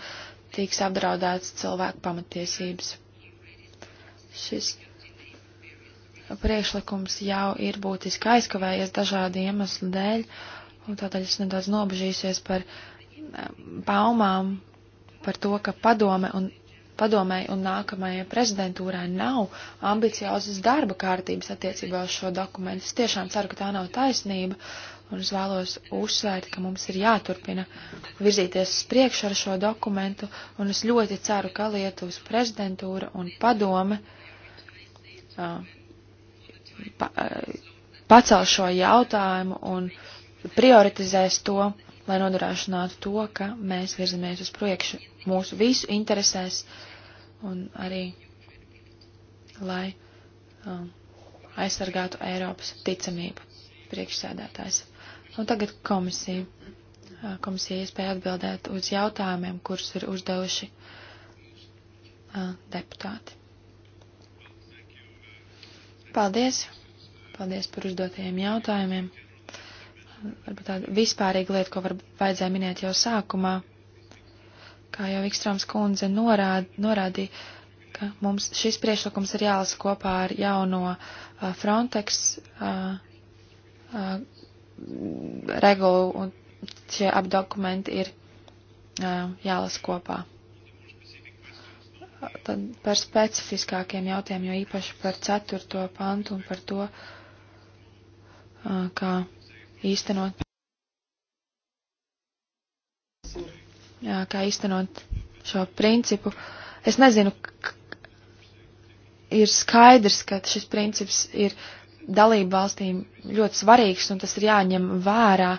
tiks apdraudēts cilvēku pamatiesības. Šis priekšlikums jau ir būtiski aizkavējies dažādu iemeslu dēļ, un tādēļ es nedaudz nobežīsies par baumām par to, ka padome un padomēji un nākamajai prezidentūrai nav ambiciozas darba kārtības attiecībā uz šo dokumentu. Es tiešām ceru, ka tā nav taisnība, un es vēlos uzsvērt, ka mums ir jāturpina virzīties uz priekšu ar šo dokumentu, un es ļoti ceru, ka Lietuvas prezidentūra un padome uh, pa, eh, pacel šo jautājumu un prioritizēs to, lai nodrošinātu to, ka mēs virzamies uz priekšu mūsu visu interesēs un arī, lai um, aizsargātu Eiropas ticamību priekšsēdētājs. Un tagad komisija. Eh, komisija iespēja atbildēt uz jautājumiem, kurus ir uzdevuši uh, deputāti. Paldies! Paldies par uzdotajiem jautājumiem. Varbūt tāda vispārīga lieta, ko var vajadzēja minēt jau sākumā. Kā jau Vikstrāms kundze norād, norādīja, ka mums šis priešlikums ir jālasa kopā ar jauno uh, Frontex uh, uh, regulu, un šie apdokumenti ir uh, jālasa kopā tad par specifiskākiem jautājumiem, jo īpaši par ceturto pantu un par to, kā īstenot, kā īstenot šo principu. Es nezinu, ir skaidrs, ka šis princips ir dalību valstīm ļoti svarīgs un tas ir jāņem vērā,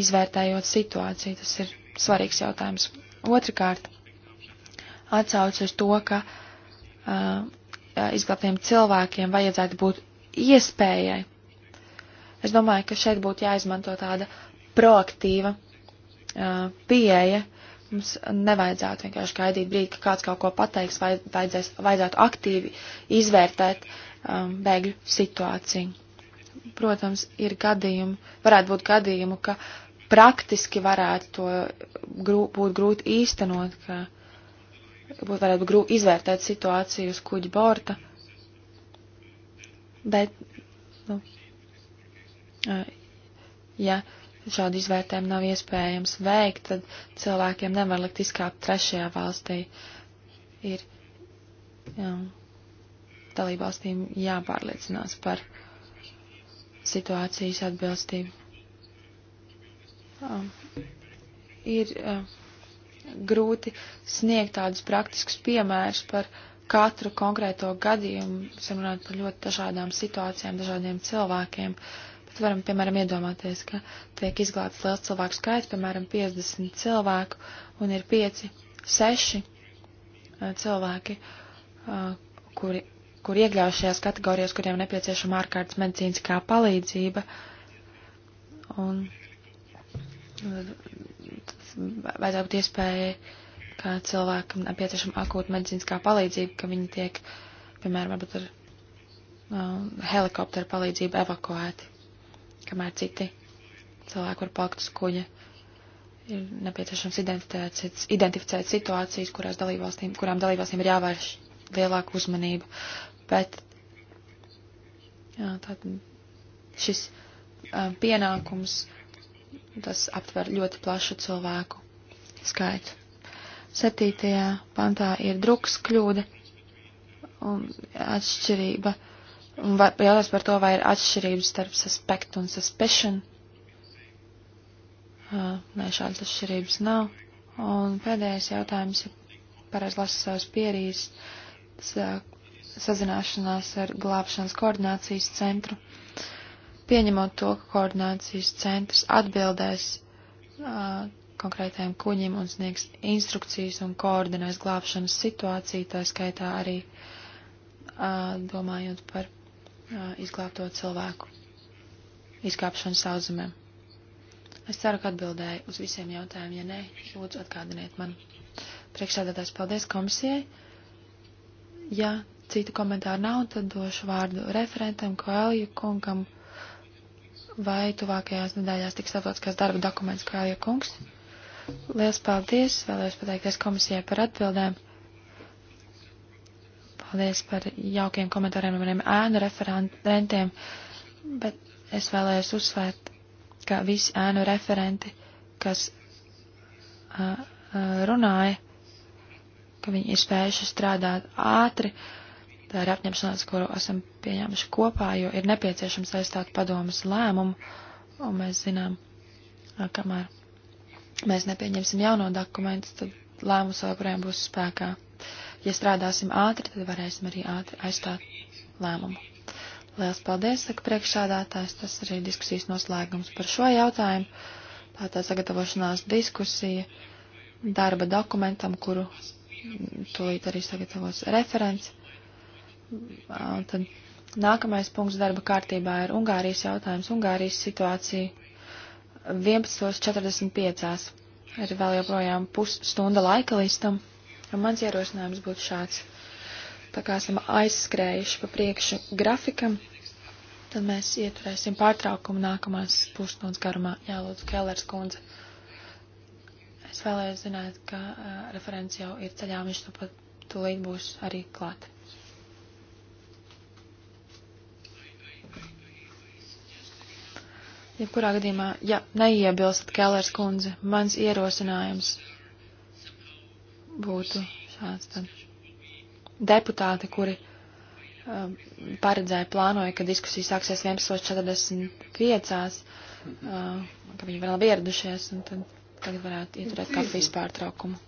izvērtējot situāciju. Tas ir svarīgs jautājums. Otrakārt, atsauc uz to, ka uh, izglābtiem cilvēkiem vajadzētu būt iespējai. Es domāju, ka šeit būtu jāizmanto tāda proaktīva uh, pieeja. Mums nevajadzētu vienkārši gaidīt brīdi, ka kāds kaut ko pateiks, vai vajadzēs, vajadzētu aktīvi izvērtēt um, bēgļu situāciju. Protams, ir gadījumi, varētu būt gadījumi, ka praktiski varētu to grū, būt grūti īstenot, ka uh, Varbūt varētu grūti izvērtēt situāciju uz kuģa borta. Bet, nu, ja šādu izvērtējumu nav iespējams veikt, tad cilvēkiem nevar likt izkāpt trešajā valstī. Ir jā, dalībvalstīm jāpārliecinās par situācijas atbilstību. Um, ir uh, grūti sniegt tādus praktiskus piemērus par katru konkrēto gadījumu, runājot par ļoti dažādām situācijām, dažādiem cilvēkiem. Bet varam, piemēram, iedomāties, ka tiek izglābts liels cilvēku skaits, piemēram, 50 cilvēku, un ir 5, 6 eh, cilvēki, eh, kuri, kuri iekļauj šajās kategorijās, kuriem nepieciešama ārkārtas medicīniskā palīdzība. Un vajadzētu būt iespēja, ka cilvēkam nepieciešama akūta medicīniskā palīdzība, ka viņi tiek, piemēram, varbūt ar uh, helikopteru palīdzību evakuēti, kamēr citi cilvēki var palikt uz kuģa. Ir nepieciešams identificēt, identificēt situācijas, kurās dalībvalstīm, kurām dalībvalstīm ir jāvērš lielāka uzmanība. Bet jā, tātad šis uh, pienākums Tas aptver ļoti plašu cilvēku skaitu. Septītajā pantā ir druks kļūda un atšķirība. Un var, jautās par to, vai ir atšķirības starp suspect un suspicion. Uh, nē, šādas atšķirības nav. Un pēdējais jautājums ir pareiz lasu savas pierīs sazināšanās ar glābšanas koordinācijas centru. Uh, pieņemot to, ka koordinācijas centrs atbildēs uh, konkrētajiem kuņiem un sniegs instrukcijas un koordinēs glābšanas situāciju, tā skaitā arī uh, domājot par uh, izglābto cilvēku izkāpšanu sauzemē. Es ceru, ka atbildēju uz visiem jautājumiem. Ja nē, lūdzu atgādiniet man. Priekšsēdētājs paldies komisijai. Ja citu komentāru nav, tad došu vārdu referentam Koelju kungam vai tuvākajās nedēļās tiks starptautiskās darba dokuments, kā jau kungs. Liels paldies, vēlējos pateikties komisijai par atbildēm. Paldies par jaukiem komentāriem no maniem ēnu referentiem, bet es vēlējos uzsvērt, ka visi ēnu referenti, kas uh, runāja, ka viņi ir spējuši strādāt ātri, uh, Tā ir apņemšanās, kuru esam pieņēmuši kopā, jo ir nepieciešams aizstāt padomus lēmumu, un mēs zinām, kamēr mēs nepieņemsim jauno dokumentu, tad lēmums joprojām būs spēkā. Ja strādāsim ātri, tad varēsim arī ātri aizstāt lēmumu. Liels paldies, saka priekšsādātājs, tas arī diskusijas noslēgums par šo jautājumu. Tā tā sagatavošanās diskusija darba dokumentam, kuru tūlīt arī sagatavos referents. Tad nākamais punkts darba kārtībā ir Ungārijas jautājums. Ungārijas situācija 11.45. Ir vēl joprojām pusstunda laika līstam. Un mans ierosinājums būtu šāds. Tā kā esam aizskrējuši pa priekšu grafikam, tad mēs ieturēsim pārtraukumu nākamās pusstundas garumā. Jā, lūdzu, Kellers kundze. Es vēlējos zināt, ka uh, referents jau ir ceļā, viņš tu pat tūlīt būs arī klāt. Jebkurā gadījumā, ja neiebilst Kellers kundze, mans ierosinājums būtu šāds tad. Deputāti, kuri um, paredzēja, plānoja, ka diskusija sāksies 11.45, um, uh, ka viņi vēl nav ieradušies, un tad tagad varētu ieturēt kafijas pārtraukumu.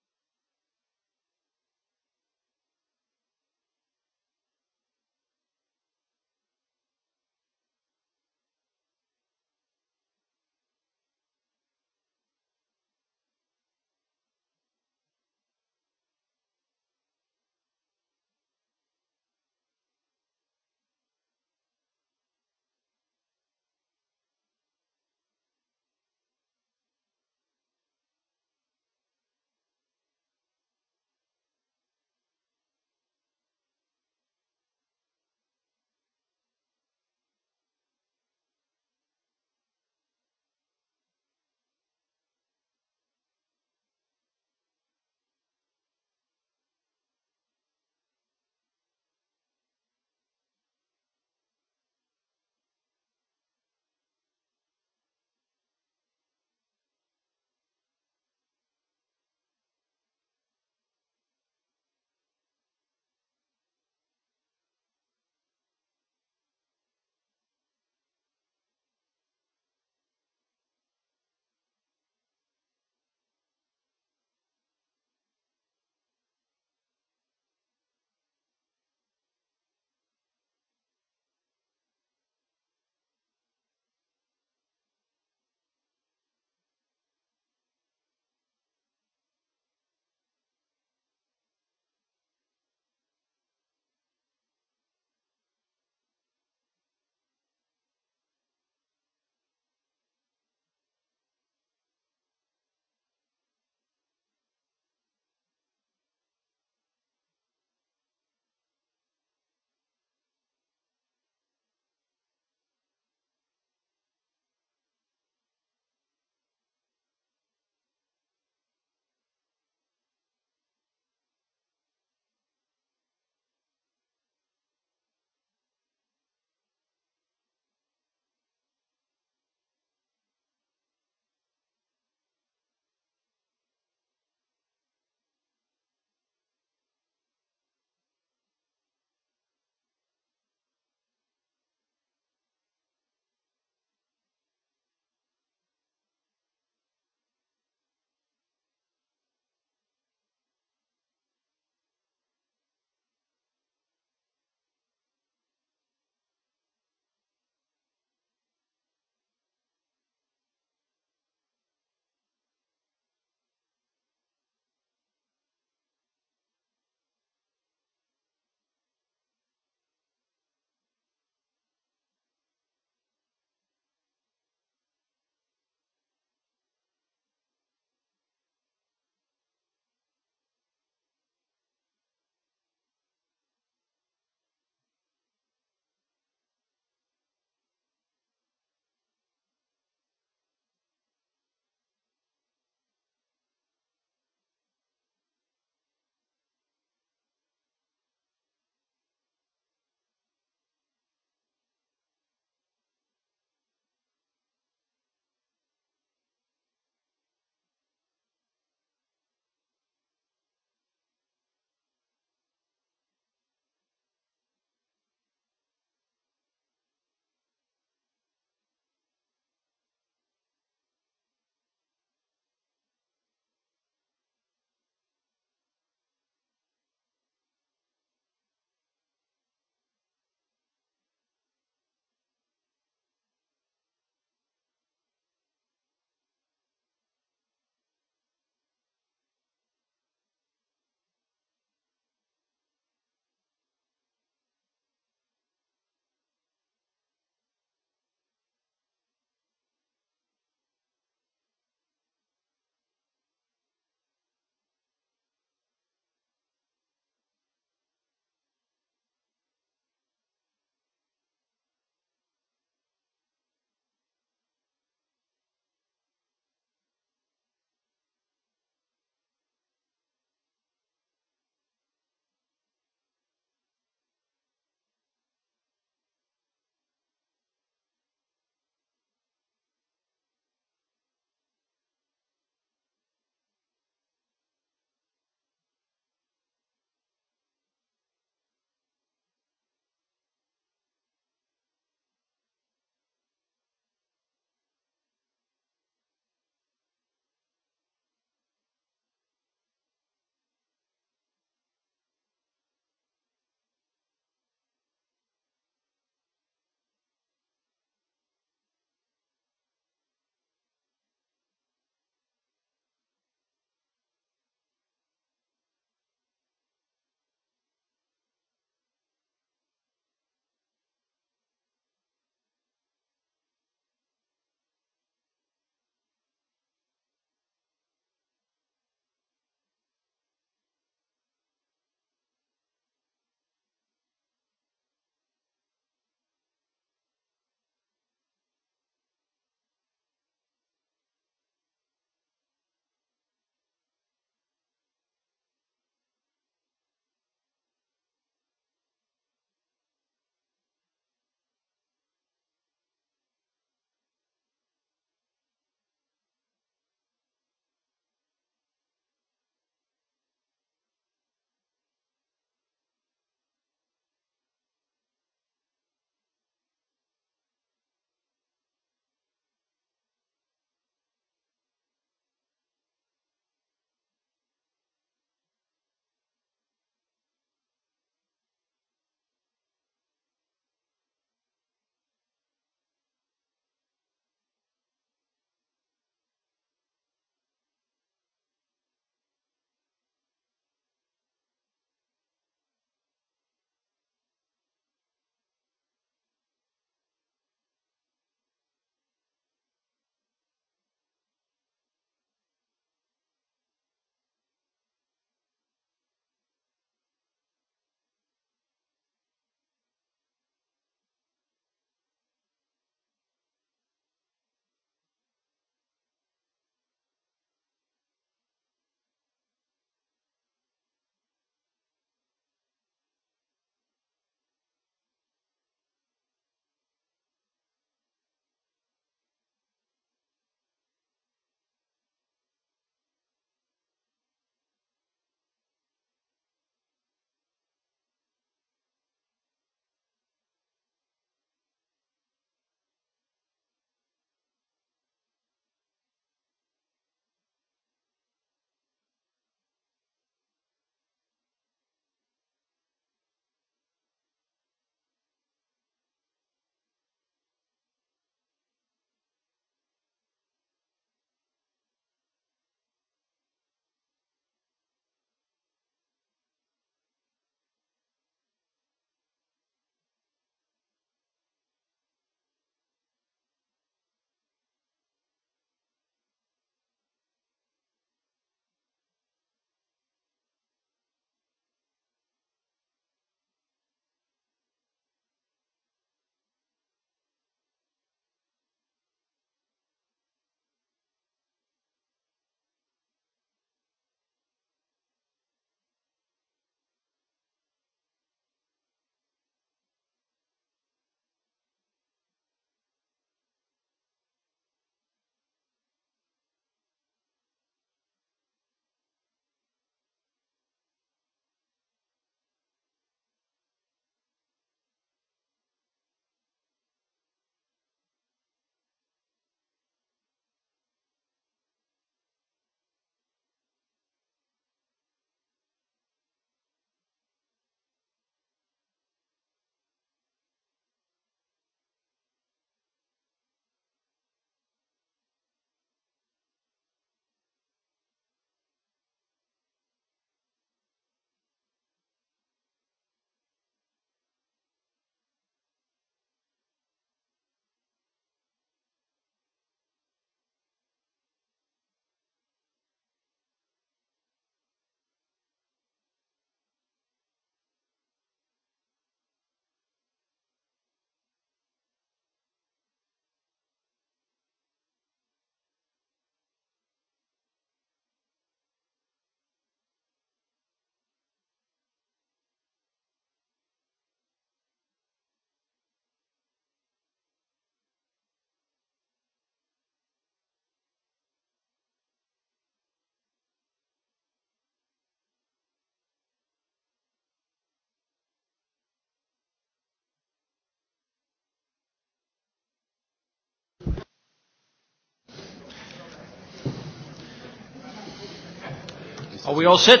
Are we all set?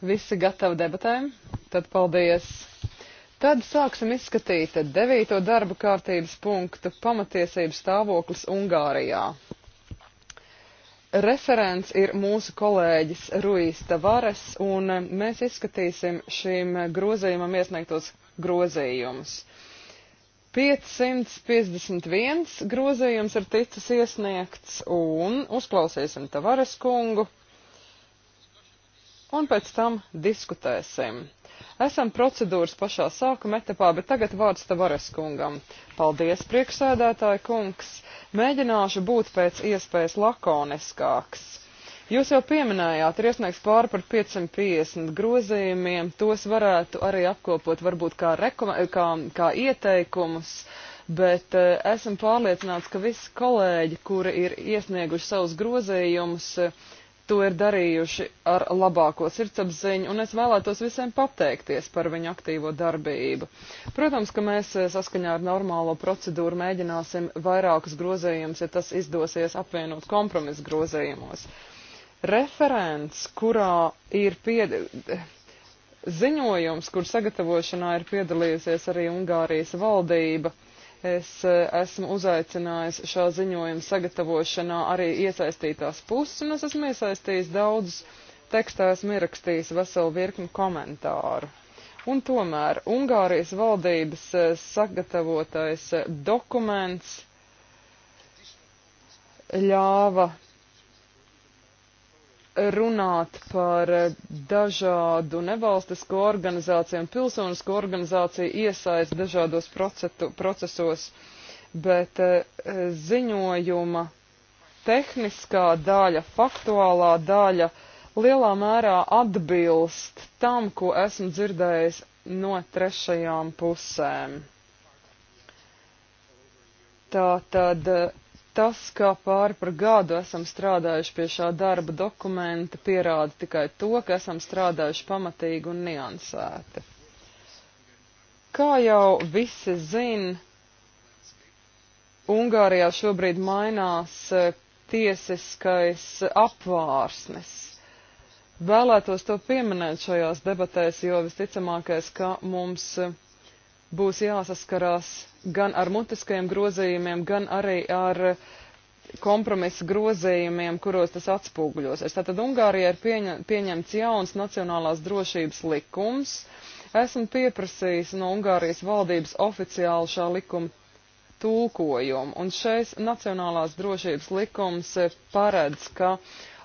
Visi gatavi debatēm? Tad paldies. Tad sāksim izskatīt devīto darba kārtības punktu pamatiesības stāvoklis Ungārijā. Referents ir mūsu kolēģis Ruijs Tavares, un mēs izskatīsim šīm grozījumam iesniegtos grozījumus. 551 grozījums ir ticis iesniegts un uzklausīsim Tavares kungu un pēc tam diskutēsim. Esam procedūras pašā sākuma etapā, bet tagad vārds Tavares kungam. Paldies, priekšsēdētāji kungs! Mēģināšu būt pēc iespējas lakoniskāks. Jūs jau pieminējāt, ir iesniegts pāri par 550 grozījumiem, tos varētu arī apkopot varbūt kā, kā, kā ieteikumus, bet uh, esam pārliecināts, ka visi kolēģi, kuri ir iesnieguši savus grozījumus, uh, to ir darījuši ar labāko sirdsapziņu, un es vēlētos visiem pateikties par viņu aktīvo darbību. Protams, ka mēs eh, saskaņā ar normālo procedūru mēģināsim vairākus grozījumus, ja tas izdosies apvienot kompromisu grozījumos referents, kurā ir pied... ziņojums, kur sagatavošanā ir piedalījusies arī Ungārijas valdība. Es e, esmu uzaicinājis šā ziņojuma sagatavošanā arī iesaistītās puses, un es esmu iesaistījis daudzus tekstā, esmu ierakstījis veselu virkni komentāru. Un tomēr Ungārijas valdības e, sagatavotais e, dokuments ļāva runāt par dažādu nevalstisko organizāciju un pilsonisko organizāciju iesaist dažādos procetu, procesos, bet eh, ziņojuma tehniskā daļa, faktuālā daļa lielā mērā atbilst tam, ko esmu dzirdējis no trešajām pusēm. Tā tad Tas, kā pāri par gadu esam strādājuši pie šā darba dokumenta, pierāda tikai to, ka esam strādājuši pamatīgi un niansēti. Kā jau visi zin, Ungārijā šobrīd mainās eh, tiesiskais apvārsnes. Vēlētos to pieminēt šajās debatēs, jo visticamākais, ka mums eh, būs jāsaskarās gan ar mutiskajiem grozījumiem, gan arī ar kompromisu grozījumiem, kuros tas atspūgļosies. Tātad Ungārijā ir pieņem, pieņemts jauns nacionālās drošības likums. Esmu pieprasījis no Ungārijas valdības oficiāli šā likuma tulkojumu, un šeit nacionālās drošības likums paredz, ka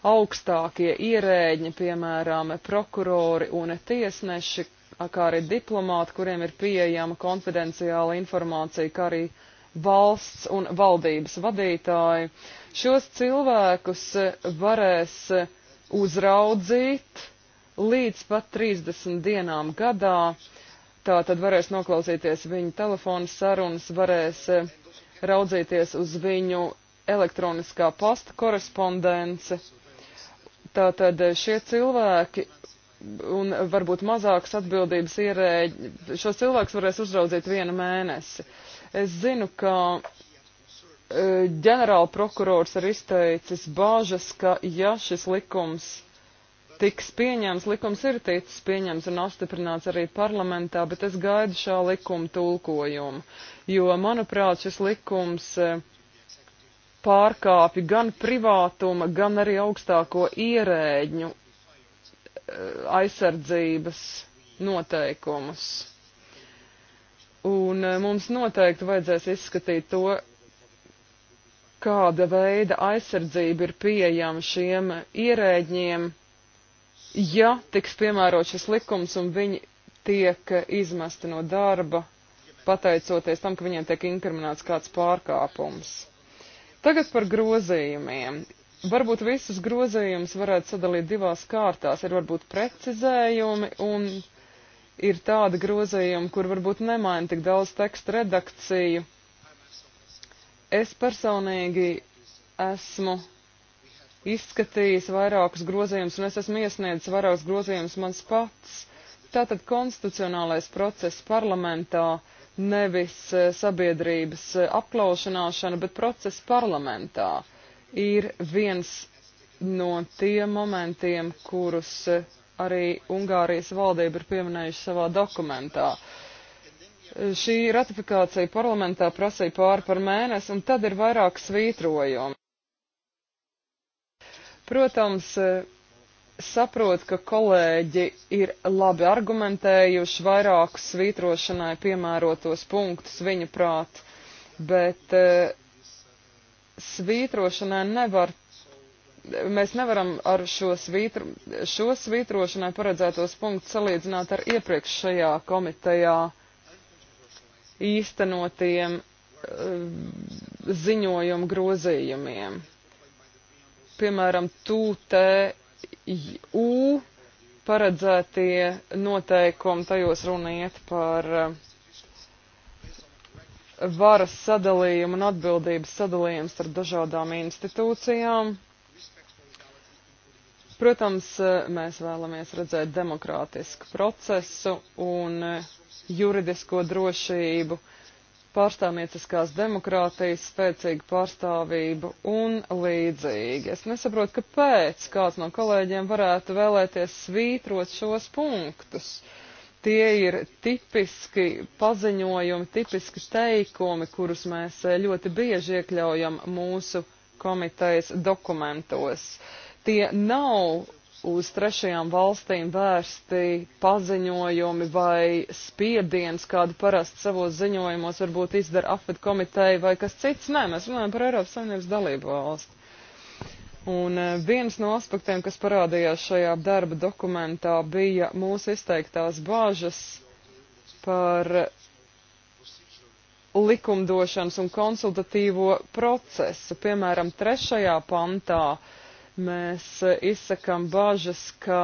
augstākie ierēģi, piemēram, prokurori un tiesneši, kā arī diplomāti, kuriem ir pieejama konfidenciāla informācija, kā arī valsts un valdības vadītāji. Šos cilvēkus varēs uzraudzīt līdz pat 30 dienām gadā. Tā tad varēs noklausīties viņu telefonu sarunas, varēs raudzīties uz viņu elektroniskā pasta korespondence. Tātad šie cilvēki un varbūt mazākas atbildības ierēģi, šo cilvēku varēs uzraudzīt vienu mēnesi. Es zinu, ka e, ģenerāla prokurors ir izteicis bāžas, ka ja šis likums tiks pieņemts, likums ir ticis pieņemts un apstiprināts arī parlamentā, bet es gaidu šā likuma tulkojumu, jo, manuprāt, šis likums e, pārkāpja gan privātuma, gan arī augstāko ierēģņu Eh, aizsardzības noteikumus. Un eh, mums noteikti vajadzēs izskatīt to, kāda veida aizsardzība ir pieejama šiem ierēģiem, ja tiks piemērot šis likums un viņi tiek izmesti no darba, pateicoties tam, ka viņiem tiek inkriminēts kāds pārkāpums. Tagad par grozījumiem. Varbūt visus grozījumus varētu sadalīt divās kārtās. Ir varbūt precizējumi un ir tādi grozījumi, kur varbūt nemaina tik daudz teksta redakciju. Es personīgi esmu izskatījis vairākus grozījumus un es esmu iesniedzis vairākus grozījumus mans pats. Tātad konstitucionālais process parlamentā nevis eh, sabiedrības eh, aplaušanāšana, bet process parlamentā. Uh, ir viens no tiem momentiem, kurus eh, arī Ungārijas valdība ir pieminējuši savā dokumentā. Eh, šī ratifikācija parlamentā prasīja pāri par mēnesi, un tad ir vairāk svītrojumi. Protams, eh, saprot, ka kolēģi ir labi argumentējuši vairākus svītrošanai piemērotos punktus viņu prāt, bet svītrošanai nevar, mēs nevaram ar šo, svītro, šo svītrošanai paredzētos punktus salīdzināt ar iepriekš šajā komitejā īstenotiem eh, ziņojumu grozījumiem. Piemēram, TUTU paredzētie noteikumi, tajos runa iet par uh, varas sadalījumu un atbildības sadalījumu starp dažādām institūcijām. Protams, eh, mēs vēlamies redzēt demokrātisku procesu un eh, juridisko drošību, pārstāvnieciskās demokrātijas spēcīgu pārstāvību un līdzīgi. Es nesaprotu, kāpēc kāds no kolēģiem varētu vēlēties svītrot šos punktus. Uh, Tie ir tipiski paziņojumi, tipiski teikumi, kurus mēs ļoti bieži iekļaujam mūsu komitejas dokumentos. Tie nav uz trešajām valstīm vērsti paziņojumi vai spiediens, kādu parasti savos ziņojumos varbūt izdara AFED komiteja vai kas cits. Nē, mēs runājam par Eiropas Savienības dalību valsti. Un eh, viens no aspektiem, kas parādījās šajā darba dokumentā, bija mūsu izteiktās bāžas par likumdošanas un konsultatīvo procesu. Piemēram, trešajā pantā mēs eh, izsakam bažas, ka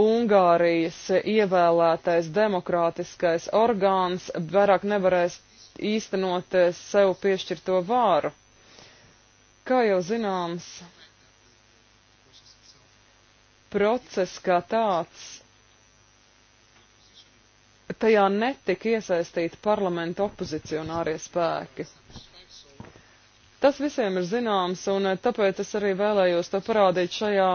Ungārijas ievēlētais demokrātiskais orgāns vairāk nevarēs īstenot eh, sev piešķirto vāru. Kā jau zināms, process kā tāds, tajā netika iesaistīti parlamenta opozicionārie spēki. Tas visiem ir zināms, un eh, tāpēc es arī vēlējos to parādīt šajā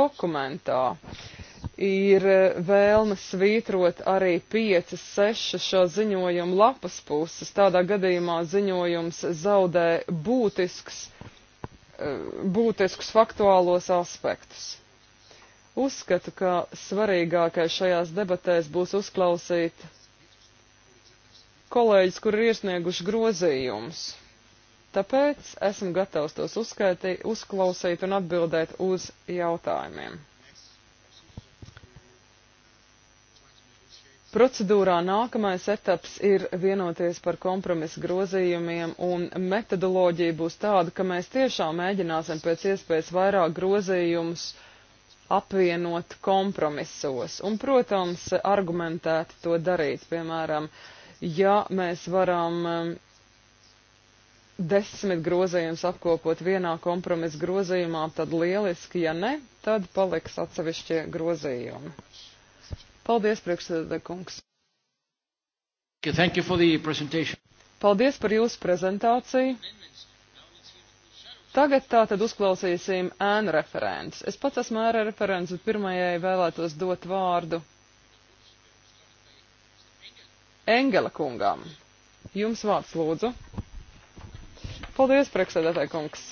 dokumentā. Uh, ir eh, vēlme svītrot arī 5, 6 šo ziņojumu lapas puses. Tādā gadījumā ziņojums zaudē būtisks, eh, būtisks faktuālos aspektus. Uzskatu, ka svarīgākais šajās debatēs būs uzklausīt kolēģis, kur ir iesnieguši grozījumus. Tāpēc esmu gatavs tos uzskaitīt, uzklausīt un atbildēt uz jautājumiem. Procedūrā nākamais etaps ir vienoties par kompromisu grozījumiem, un metodoloģija būs tāda, ka mēs tiešām mēģināsim pēc iespējas vairāk grozījumus apvienot kompromisos. Un, protams, argumentēti to darīt, piemēram, ja mēs varam um, desmit grozījumus apkopot vienā kompromisa grozījumā, tad lieliski, ja ne, tad paliks atsevišķie grozījumi. Paldies, priekšsēdētāj kungs. Thank you for the presentation. Paldies par jūsu prezentāciju. Tagad tā tad uzklausīsim ēnu referents. Es pats esmu ēnu referents, bet pirmajai vēlētos dot vārdu Engela kungam. Jums vārds lūdzu. Paldies, priekšsēdētāji kungs.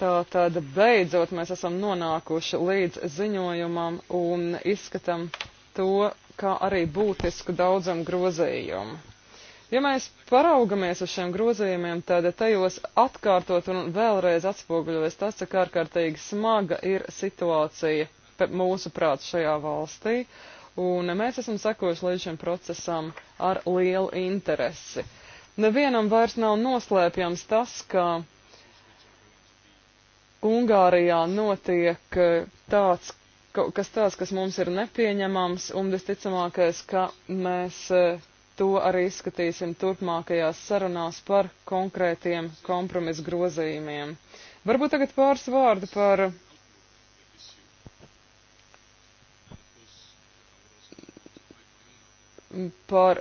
Tātad beidzot mēs esam nonākuši līdz ziņojumam un izskatam to, kā arī būtisku daudzam grozījumu. Ja mēs paraugamies uz šiem grozījumiem, tad tajos atkārtot un vēlreiz atspoguļojas tas, cik ārkārtīgi smaga ir situācija mūsu prāt šajā valstī, un mēs esam sekojuši līdz šim procesam ar lielu interesi. Nevienam vairs nav noslēpjams tas, ka Ungārijā notiek eh, tāds, kaut kas tāds, kas mums ir nepieņemams, un visticamākais, ka mēs eh, to arī izskatīsim turpmākajās sarunās par konkrētiem kompromisu grozījumiem. Varbūt tagad pāris vārdu par par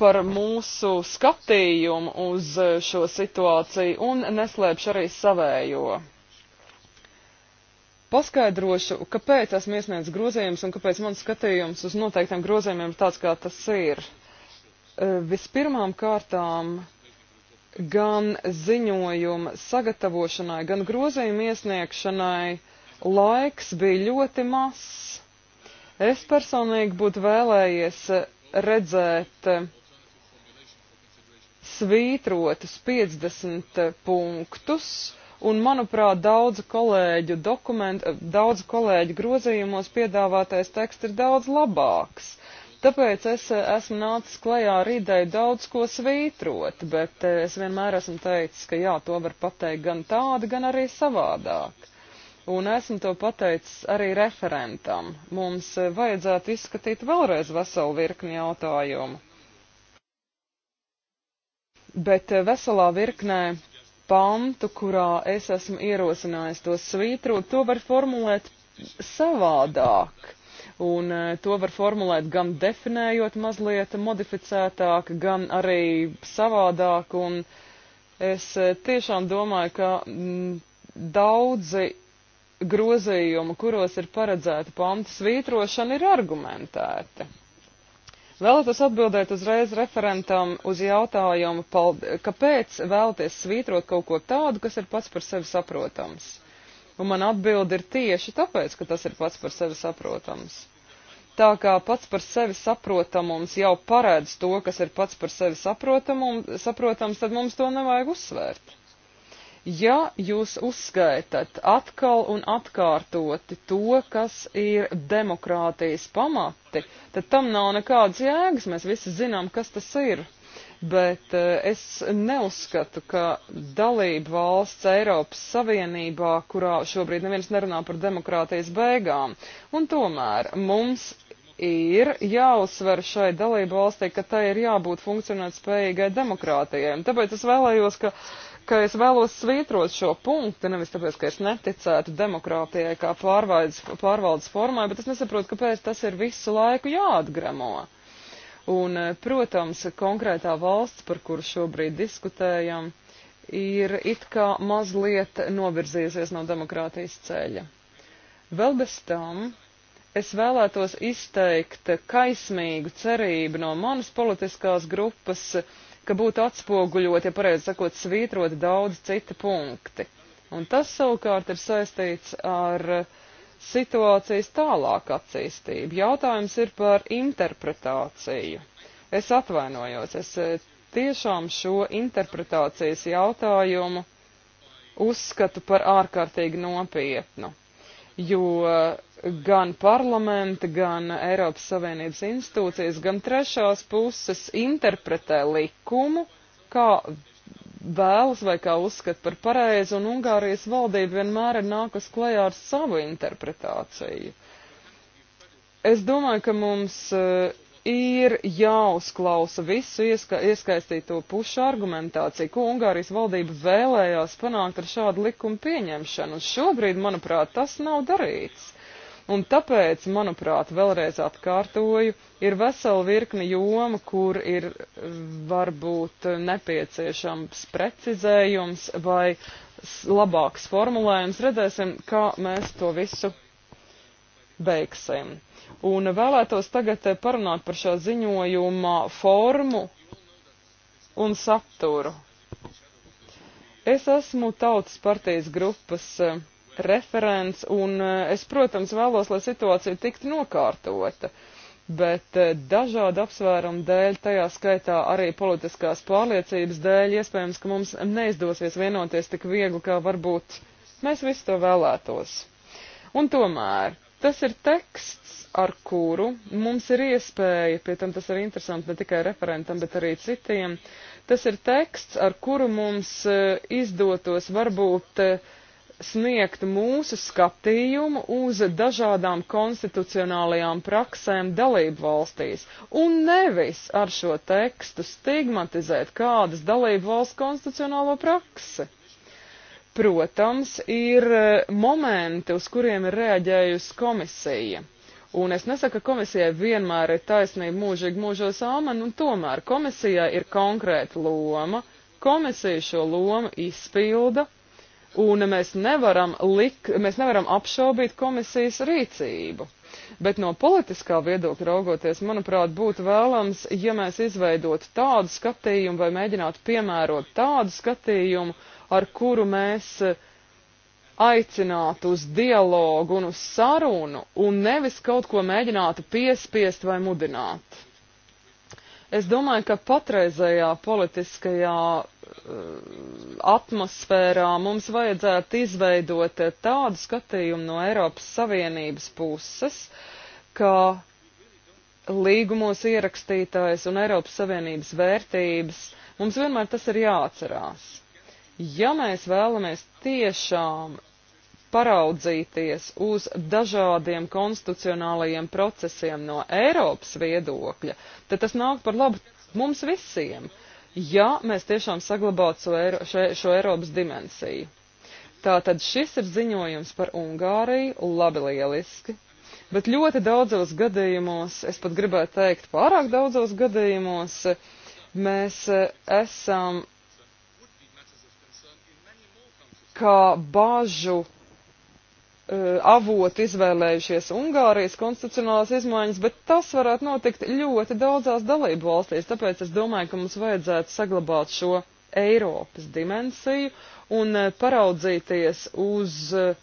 par mūsu skatījumu uz šo situāciju un neslēpšu arī savējo. Paskaidrošu, kāpēc esmu iesniedzis grozījumus un kāpēc mans skatījums uz noteiktiem grozījumiem ir tāds, kā tas ir. E, vispirmām kārtām gan ziņojuma sagatavošanai, gan grozījuma iesniegšanai laiks bija ļoti mazs. Es personīgi būtu vēlējies redzēt svītrotus 50 punktus, un, manuprāt, daudzu kolēģu, dokumentu, daudzu kolēģu grozījumos piedāvātais teksts ir daudz labāks. Tāpēc es eh, esmu nācis klajā ar ideju daudz ko svītrot, bet eh, es vienmēr esmu teicis, ka jā, to var pateikt gan tādu, gan arī savādāk. Un esmu to pateicis arī referentam. Mums eh, vajadzētu izskatīt vēlreiz veselu virkni jautājumu bet eh, veselā virknē pantu, kurā es esmu ierosinājis to svītrot, to var formulēt savādāk. Un eh, to var formulēt gan definējot mazliet modificētāk, gan arī savādāk. Un es eh, tiešām domāju, ka mm, daudzi grozījumi, kuros ir paredzēta pantu svītrošana, ir argumentēti. Vēlētos atbildēt uzreiz referentam uz jautājumu, kāpēc vēlaties svītrot kaut ko tādu, kas ir pats par sevi saprotams. Un man atbildi ir tieši tāpēc, ka tas ir pats par sevi saprotams. Tā kā pats par sevi saprotamums jau paredz to, kas ir pats par sevi saprotamums, tad mums to nevajag uzsvērt. Ja jūs uzskaitat atkal un atkārtoti to, kas ir demokrātijas pamati, tad tam nav nekādas jēgas. Mēs visi zinām, kas tas ir bet eh, es neuzskatu, ka dalība valsts Eiropas Savienībā, kurā šobrīd neviens nerunā par demokrātijas beigām, un tomēr mums ir jāuzsver šai dalību valstī, ka tai ir jābūt funkcionēt spējīgai demokrātijai. Un tāpēc es vēlējos, ka ka es vēlos svītrot šo punktu, nevis tāpēc, ka es neticētu demokrātijai kā pārvaldes, pārvaldes formai, bet es nesaprotu, kāpēc tas ir visu laiku jāatgremo. Un, eh, protams, konkrētā valsts, par kuru šobrīd diskutējam, ir it kā mazliet novirzījusies no demokrātijas ceļa. Vēl bez tam es vēlētos izteikt kaismīgu cerību no manas politiskās grupas, uh, ka būtu atspoguļot, ja pareizi sakot, svītrot daudz citi punkti. Un tas savukārt ir saistīts ar situācijas tālāk attīstību. Jautājums ir par interpretāciju. Es atvainojos, es e, tiešām šo interpretācijas jautājumu uzskatu par ārkārtīgi nopietnu jo gan parlamenta, gan Eiropas Savienības institūcijas, gan trešās puses interpretē likumu, kā vēlas vai kā uzskata par pareizu, un Ungārijas valdība vienmēr ir nākus klajā ar savu interpretāciju. Es domāju, ka mums ir jāuzklausa visu ieska iesaistīto pušu argumentāciju, ko Ungārijas valdība vēlējās panākt ar šādu likumu pieņemšanu. Un šobrīd, manuprāt, tas nav darīts. Un tāpēc, manuprāt, vēlreiz atkārtoju, ir vesela virkni joma, kur ir varbūt nepieciešams precizējums vai labāks formulējums. Redzēsim, kā mēs to visu beigsim. Un vēlētos tagad eh, parunāt par šā ziņojuma formu un saturu. Es esmu Tautas partijas grupas eh, referents, un eh, es, protams, vēlos, lai situācija tiktu nokārtota, bet dažādu apsvērumu dēļ, tajā skaitā arī politiskās pārliecības dēļ, iespējams, ka mums neizdosies vienoties tik viegli, kā varbūt mēs visi to vēlētos. Un tomēr Tas ir teksts, ar kuru mums ir iespēja, pie tam tas ir interesanti ne tikai referentam, bet arī citiem, tas ir teksts, ar kuru mums eh, izdotos varbūt eh, sniegt mūsu skatījumu uz dažādām konstitucionālajām praksēm dalību valstīs, un nevis ar šo tekstu stigmatizēt kādas dalību valsts konstitucionālo praksi. Protams, ir e, momenti, uz kuriem ir reaģējusi komisija. Un es nesaku, ka komisijai vienmēr ir taisnība mūžīgi mūžos āmen, nu un tomēr komisijai ir konkrēta loma, komisija šo lomu izpilda, un mēs nevaram, lik, mēs nevaram apšaubīt komisijas rīcību. Bet no politiskā viedokļa raugoties, manuprāt, būtu vēlams, ja mēs izveidotu tādu skatījumu vai mēģinātu piemērot tādu skatījumu, ar kuru mēs eh, aicinātu uz dialogu un uz sarunu, un nevis kaut ko mēģinātu piespiest vai mudināt. Es domāju, ka patreizējā politiskajā eh, atmosfērā mums vajadzētu izveidot eh, tādu skatījumu no Eiropas Savienības puses, ka līgumos ierakstītājs un Eiropas Savienības vērtības mums vienmēr tas ir jāatcerās. Ja mēs vēlamies tiešām paraudzīties uz dažādiem konstitucionālajiem procesiem no Eiropas viedokļa, tad tas nāk par labu mums visiem, ja mēs tiešām saglabātu šo, Eiro, šo, šo Eiropas dimensiju. Tātad šis ir ziņojums par Ungāriju, labi lieliski, bet ļoti daudzos gadījumos, es pat gribētu teikt, pārāk daudzos gadījumos mēs eh, esam kā bāžu uh, e, avoti izvēlējušies Ungārijas konstitucionālās izmaiņas, bet tas varētu notikt ļoti daudzās dalību valstīs, tāpēc es domāju, ka mums vajadzētu saglabāt šo Eiropas dimensiju un uh, paraudzīties uz uh,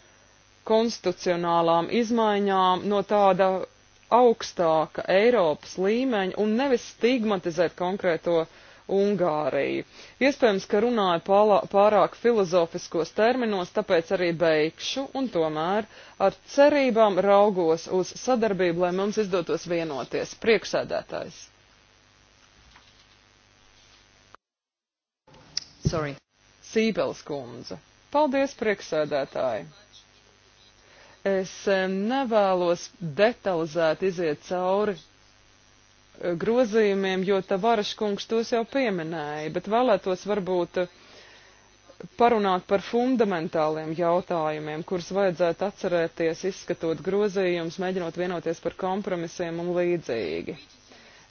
konstitucionālām izmaiņām no tāda augstāka Eiropas līmeņa un nevis stigmatizēt konkrēto uh, Ungāriju. Iespējams, ka runāju pārāk filozofiskos terminos, tāpēc arī beigšu, un tomēr ar cerībām raugos uz sadarbību, lai mums izdotos vienoties. Priekšsēdētājs. Sorry. Sībels kundze. Paldies, priekšsēdētāji! Es nevēlos detalizēti iziet cauri grozījumiem, jo Tavaraškungs tos jau pieminēja, bet vēlētos varbūt parunāt par fundamentāliem jautājumiem, kurus vajadzētu atcerēties, izskatot grozījumus, mēģinot vienoties par kompromisiem un līdzīgi.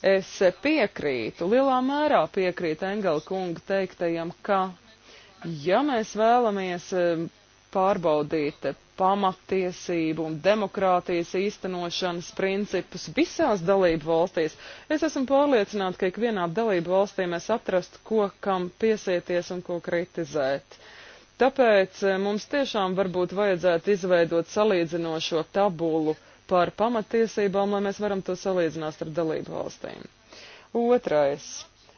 Es piekrītu, lielā mērā piekrītu Engela kunga teiktajam, ka, ja mēs vēlamies eh, pārbaudīt pamatiesību un demokrātijas īstenošanas principus visās dalību valstīs. Es esmu pārliecināta, ka ikvienā dalību valstī mēs atrastu, ko kam piesieties un ko kritizēt. Tāpēc eh, mums tiešām varbūt vajadzētu izveidot salīdzinošo tabulu par pamatiesībām, lai mēs varam to salīdzināt ar dalību valstīm. Otrais.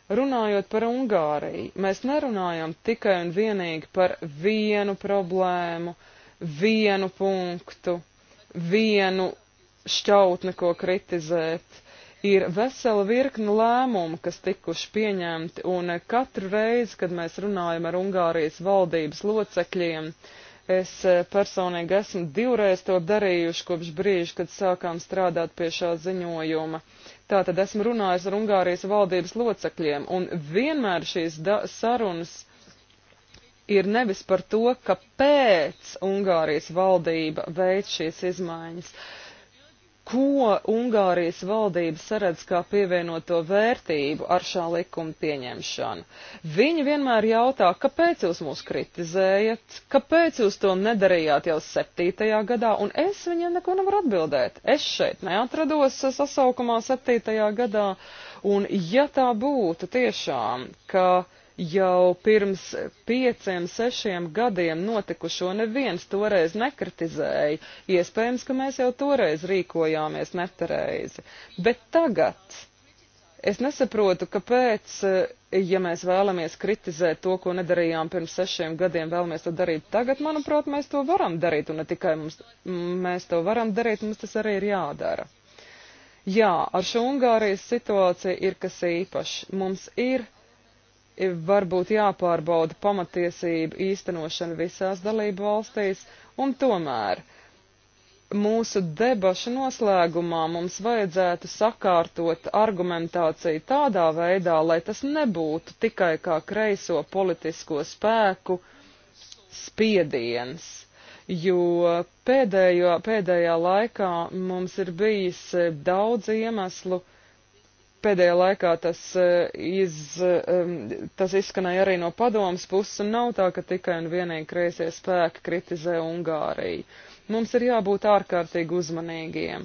Runājot par Ungāriju, mēs nerunājam tikai un vienīgi par vienu problēmu, uh, vienu punktu, vienu šķautni, ko kritizēt. Ir vesela virkna lēmumu, kas tikuši pieņemti, un katru reizi, kad mēs runājam ar Ungārijas valdības locekļiem, es personīgi esmu divreiz to darījuši kopš brīža, kad sākām strādāt pie šā ziņojuma. Tātad esmu runājis ar Ungārijas valdības locekļiem, un vienmēr šīs sarunas ir nevis par to, ka pēc Ungārijas valdība veic šīs izmaiņas. Ko Ungārijas valdība saredz kā pievienoto vērtību ar šā likuma pieņemšanu? Viņi vienmēr jautā, kāpēc jūs mūs kritizējat, kāpēc jūs to nedarījāt jau septītajā gadā, un es viņiem neko nevaru atbildēt. Es šeit neatrados sasaukumā septītajā gadā, un ja tā būtu tiešām, ka uh, jau pirms pieciem, sešiem gadiem notikušo neviens toreiz nekritizēja. Iespējams, ka mēs jau toreiz rīkojāmies nepareizi. Bet tagad es nesaprotu, kāpēc, ja mēs vēlamies kritizēt to, ko nedarījām pirms sešiem gadiem, vēlamies to darīt tagad, manuprāt, mēs to varam darīt, un ne tikai mums, mēs to varam darīt, mums tas arī ir jādara. Jā, ar šo Ungārijas situāciju ir kas īpašs. Mums ir varbūt jāpārbauda pamatiesību īstenošana visās dalību valstīs, un tomēr mūsu debašu noslēgumā mums vajadzētu sakārtot argumentāciju tādā veidā, lai tas nebūtu tikai kā kreiso politisko spēku spiediens. Jo pēdējo, pēdējā laikā mums ir bijis daudz iemeslu, uh, pēdējā laikā tas, eh, iz, tas izskanēja arī no padomas puses, un nav tā, ka tikai un vienīgi kreisie spēki kritizē Ungāriju. Mums ir jābūt ārkārtīgi uzmanīgiem,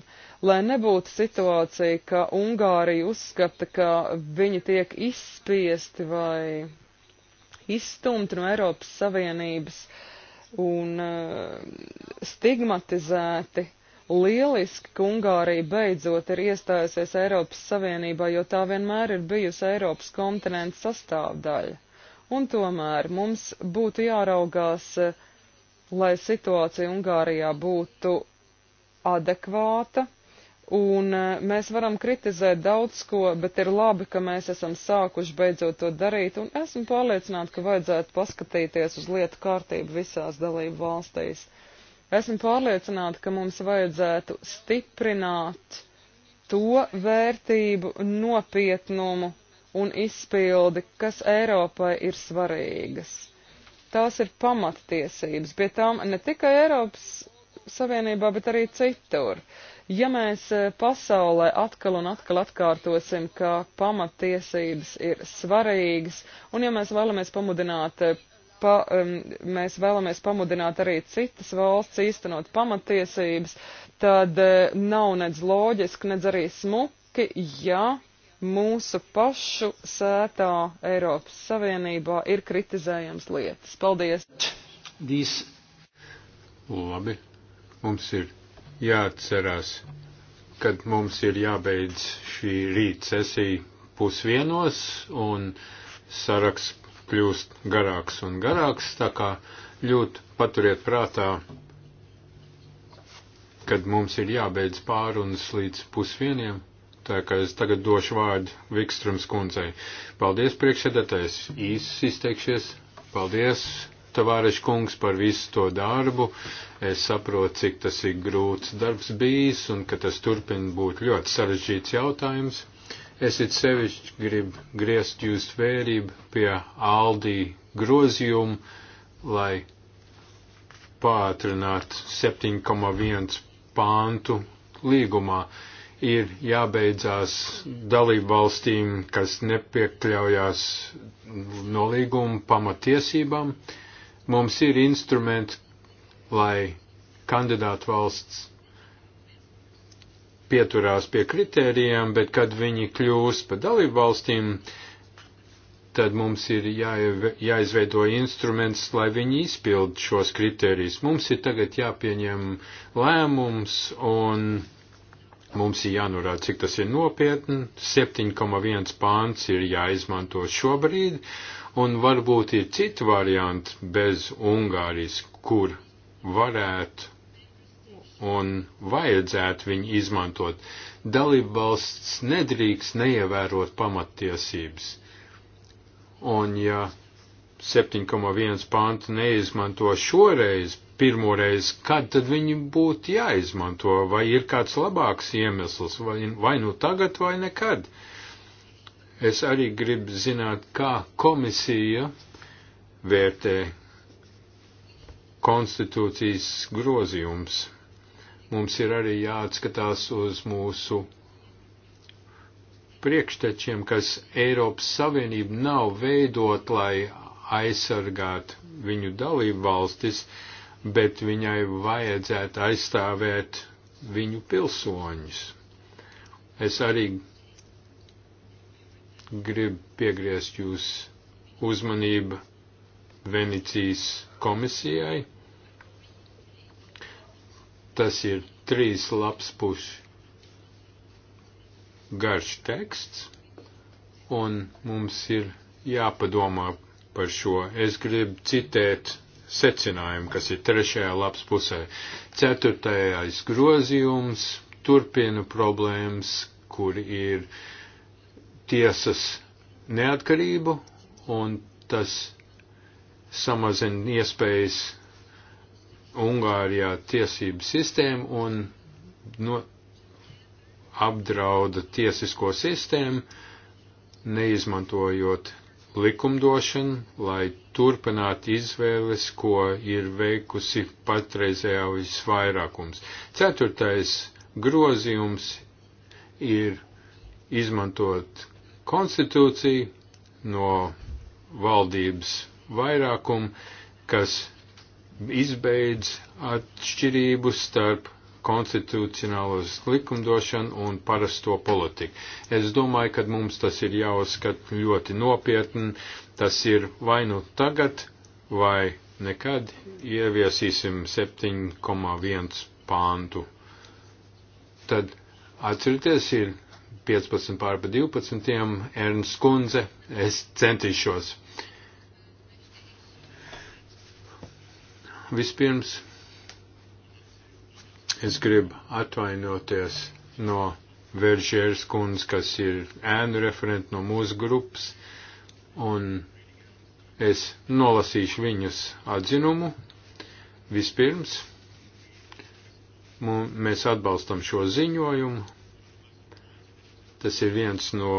lai nebūtu situācija, ka Ungārija uzskata, ka viņi tiek izspiesti vai izstumti no Eiropas Savienības un eh, stigmatizēti Lieliski, ka Ungārija beidzot ir iestājusies Eiropas Savienībā, jo tā vienmēr ir bijusi Eiropas kontinents sastāvdaļa. Un tomēr mums būtu jāraugās, lai situācija Ungārijā būtu adekvāta, un e, mēs varam kritizēt daudz ko, bet ir labi, ka mēs esam sākuši beidzot to darīt, un esmu pārliecināta, ka vajadzētu paskatīties uz lietu kārtību visās dalību valstīs. Esmu pārliecināta, ka mums vajadzētu stiprināt to vērtību, nopietnumu un izpildi, kas Eiropai ir svarīgas. Tās ir pamattiesības, pie tām ne tikai Eiropas Savienībā, bet arī citur. Ja mēs eh, pasaulē atkal un atkal atkārtosim, ka pamattiesības ir svarīgas, un ja mēs vēlamies pamudināt eh, pa, um, mēs vēlamies pamudināt arī citas valsts īstenot pamatiesības, tad uh, nav nedz loģiski, nedz arī smuki, ja mūsu pašu sētā Eiropas Savienībā ir kritizējams lietas. Paldies! These... Labi, mums ir jāatcerās, kad mums ir jābeidz šī rīta sesija pusvienos un saraksts kļūst garāks un garāks, tā kā ļoti paturiet prātā, kad mums ir jābeidz pārunas līdz pusvieniem, tā kā es tagad došu vārdu Vikstrums kundzei. Paldies priekšsēdētājs, īsi izteikšies, paldies Tavāreša kungs par visu to darbu. Es saprotu, cik tas ir grūts darbs bijis un ka tas turpin būt ļoti sarežģīts jautājums. Es it sevišķi gribu griezt jūs vērību pie Aldī grozījumu, lai pātrinātu 7,1 pāntu līgumā. Ir jābeidzās dalībvalstīm, kas nepiekļaujās no līguma pamatiesībām. Mums ir instrumenti, lai kandidātu valsts pieturās pie kritērijiem, bet kad viņi kļūs par dalību valstīm, tad mums ir jāizveido instruments, lai viņi izpild šos kritērijus. Mums ir tagad jāpieņem lēmums un mums ir jānorāda, cik tas ir nopietni. 7,1 pāns ir jāizmanto šobrīd un varbūt ir citi varianti bez Ungārijas, kur varētu un vajadzētu viņu izmantot. Dalībvalsts nedrīkst neievērot pamattiesības. Un ja 7,1 pāntu neizmanto šoreiz, pirmoreiz, kad tad viņi būtu jāizmanto, vai ir kāds labāks iemesls, vai, vai nu tagad, vai nekad. Es arī gribu zināt, kā komisija vērtē konstitūcijas grozījums. Mums ir arī jāatskatās uz mūsu priekštečiem, kas Eiropas Savienība nav veidot, lai aizsargātu viņu dalību valstis, bet viņai vajadzētu aizstāvēt viņu pilsoņus. Es arī gribu piegriezt jūs uzmanību Venecijas komisijai Tas ir trīs labs puši garš teksts, un mums ir jāpadomā par šo. Es gribu citēt secinājumu, kas ir trešajā labs pusē. Ceturtajais grozījums turpina problēmas, kur ir tiesas neatkarību, un tas samazina iespējas Ungārijā tiesību sistēmu un no, apdrauda tiesisko sistēmu, neizmantojot likumdošanu, lai turpinātu izvēles, ko ir veikusi patreizējā visvairākums. Ceturtais grozījums ir izmantot konstitūciju no valdības vairākumu, kas izbeidz atšķirību starp konstitucionālos likumdošanu un parasto politiku. Es domāju, ka mums tas ir jāuzskat ļoti nopietni. Tas ir vai nu tagad, vai nekad ieviesīsim 7,1 pāntu. Tad atcerieties, ir 15 pār pa 12. Ernsts Kunze, es centīšos. Vispirms es gribu atvainoties no Veržēras kundzes, kas ir ēnu referenti no mūsu grupas, un es nolasīšu viņas atzinumu. Vispirms mēs atbalstam šo ziņojumu. Tas ir viens no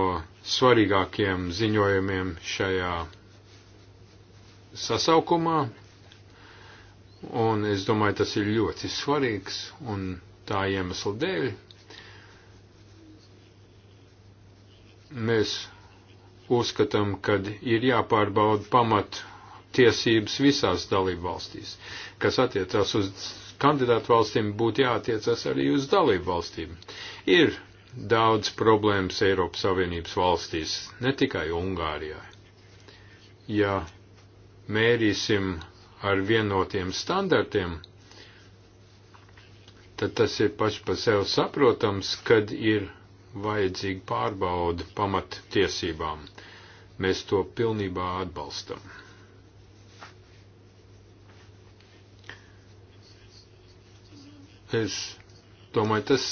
svarīgākiem ziņojumiem šajā sasaukumā, Un es domāju, tas ir ļoti svarīgs un tā iemesla dēļ. Mēs uzskatām, ka ir jāpārbauda pamat tiesības visās dalību valstīs. Kas attiecās uz kandidātu valstīm, būtu jātiecas arī uz dalību valstīm. Ir daudz problēmas Eiropas Savienības valstīs, ne tikai Ungārijā. Ja mērīsim ar vienotiem standartiem, tad tas ir paši pa sev saprotams, kad ir vajadzīga pārbauda pamattiesībām. Mēs to pilnībā atbalstam. Es domāju, tas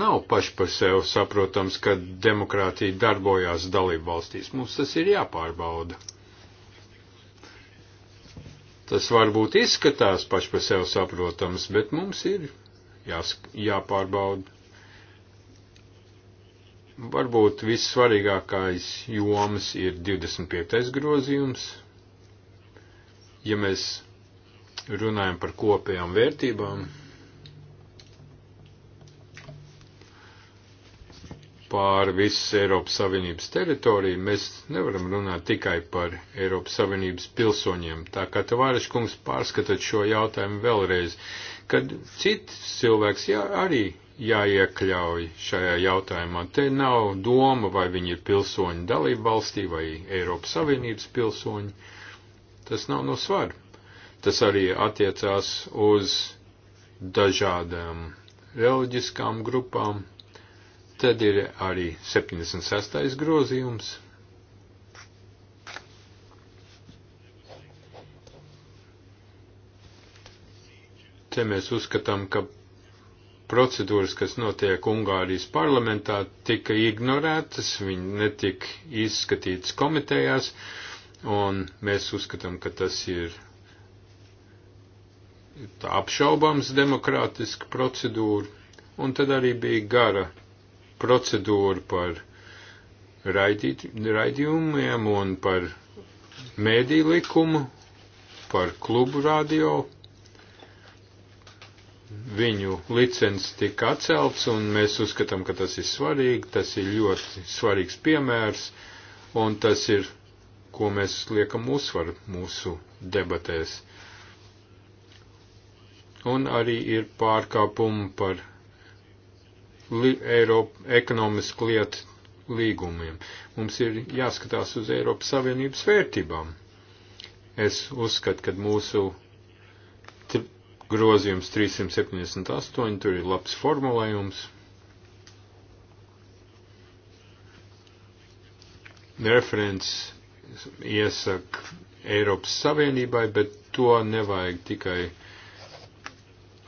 nav paši par sevi saprotams, ka demokrātija darbojās dalību valstīs. Mums tas ir jāpārbauda. Tas varbūt izskatās paš par sevi saprotams, bet mums ir jāsk, jāpārbauda. Varbūt vissvarīgākais joms ir 25. grozījums. Ja mēs runājam par kopējām vērtībām, pār visu Eiropas Savienības teritoriju, mēs nevaram runāt tikai par Eiropas Savienības pilsoņiem. Tā kā Tavāriškungs pārskatot šo jautājumu vēlreiz, kad cits cilvēks jā, arī jāiekļauj šajā jautājumā. Te nav doma, vai viņi ir pilsoņi dalību valstī vai Eiropas Savienības pilsoņi. Tas nav no svara. Tas arī attiecās uz dažādām reliģiskām grupām, Tad ir arī 76. grozījums. Te mēs uzskatām, ka procedūras, kas notiek Ungārijas parlamentā, tika ignorētas, viņi netika izskatītas komitejās, un mēs uzskatām, ka tas ir apšaubams demokrātiska procedūra, un tad arī bija gara procedūru par raidīt, raidījumiem un par mēdī likumu, par klubu radio. Viņu licences tika atcelts, un mēs uzskatām, ka tas ir svarīgi, tas ir ļoti svarīgs piemērs, un tas ir, ko mēs liekam uzsvaru mūsu debatēs. Un arī ir pārkāpumi par Eiropa ekonomisku lietu līgumiem. Mums ir jāskatās uz Eiropas Savienības vērtībām. Es uzskatu, ka mūsu grozījums 378, tur ir labs formulējums. Referents iesaka Eiropas Savienībai, bet to nevajag tikai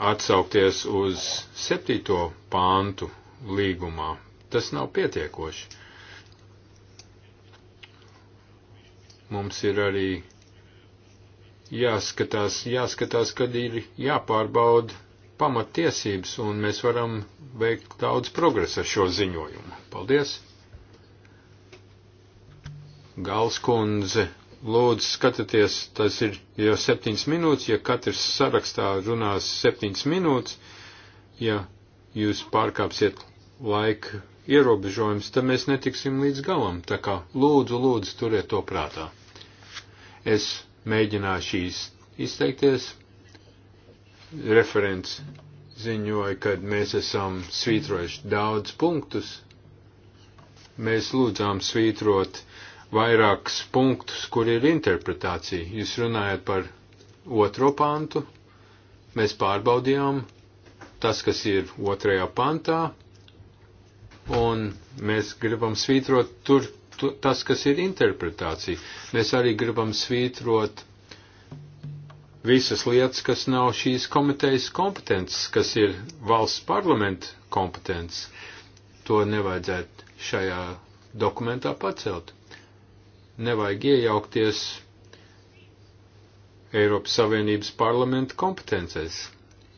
atsaukties uz septīto pāntu līgumā. Tas nav pietiekoši. Mums ir arī jāskatās, jāskatās, kad ir jāpārbauda pamatiesības, un mēs varam veikt daudz progresa ar šo ziņojumu. Paldies! Galskundze lūdzu skatieties, tas ir jau septiņas minūtes, ja katrs sarakstā runās septiņas minūtes, ja jūs pārkāpsiet laika ierobežojums, tad mēs netiksim līdz galam, tā kā lūdzu, lūdzu, turiet to prātā. Es mēģināšu šīs izteikties. Referents ziņoja, kad mēs esam svītrojuši daudz punktus. Mēs lūdzām svītrot uh, vairākus punktus, kur ir interpretācija. Jūs runājat par otro pantu, mēs pārbaudījām tas, kas ir otrajā pantā, un mēs gribam svītrot tur tu, tas, kas ir interpretācija. Mēs arī gribam svītrot visas lietas, kas nav šīs komitejas kompetences, kas ir valsts parlamenta kompetences. To nevajadzētu šajā dokumentā pacelt nevajag iejaukties Eiropas Savienības parlamenta kompetencēs.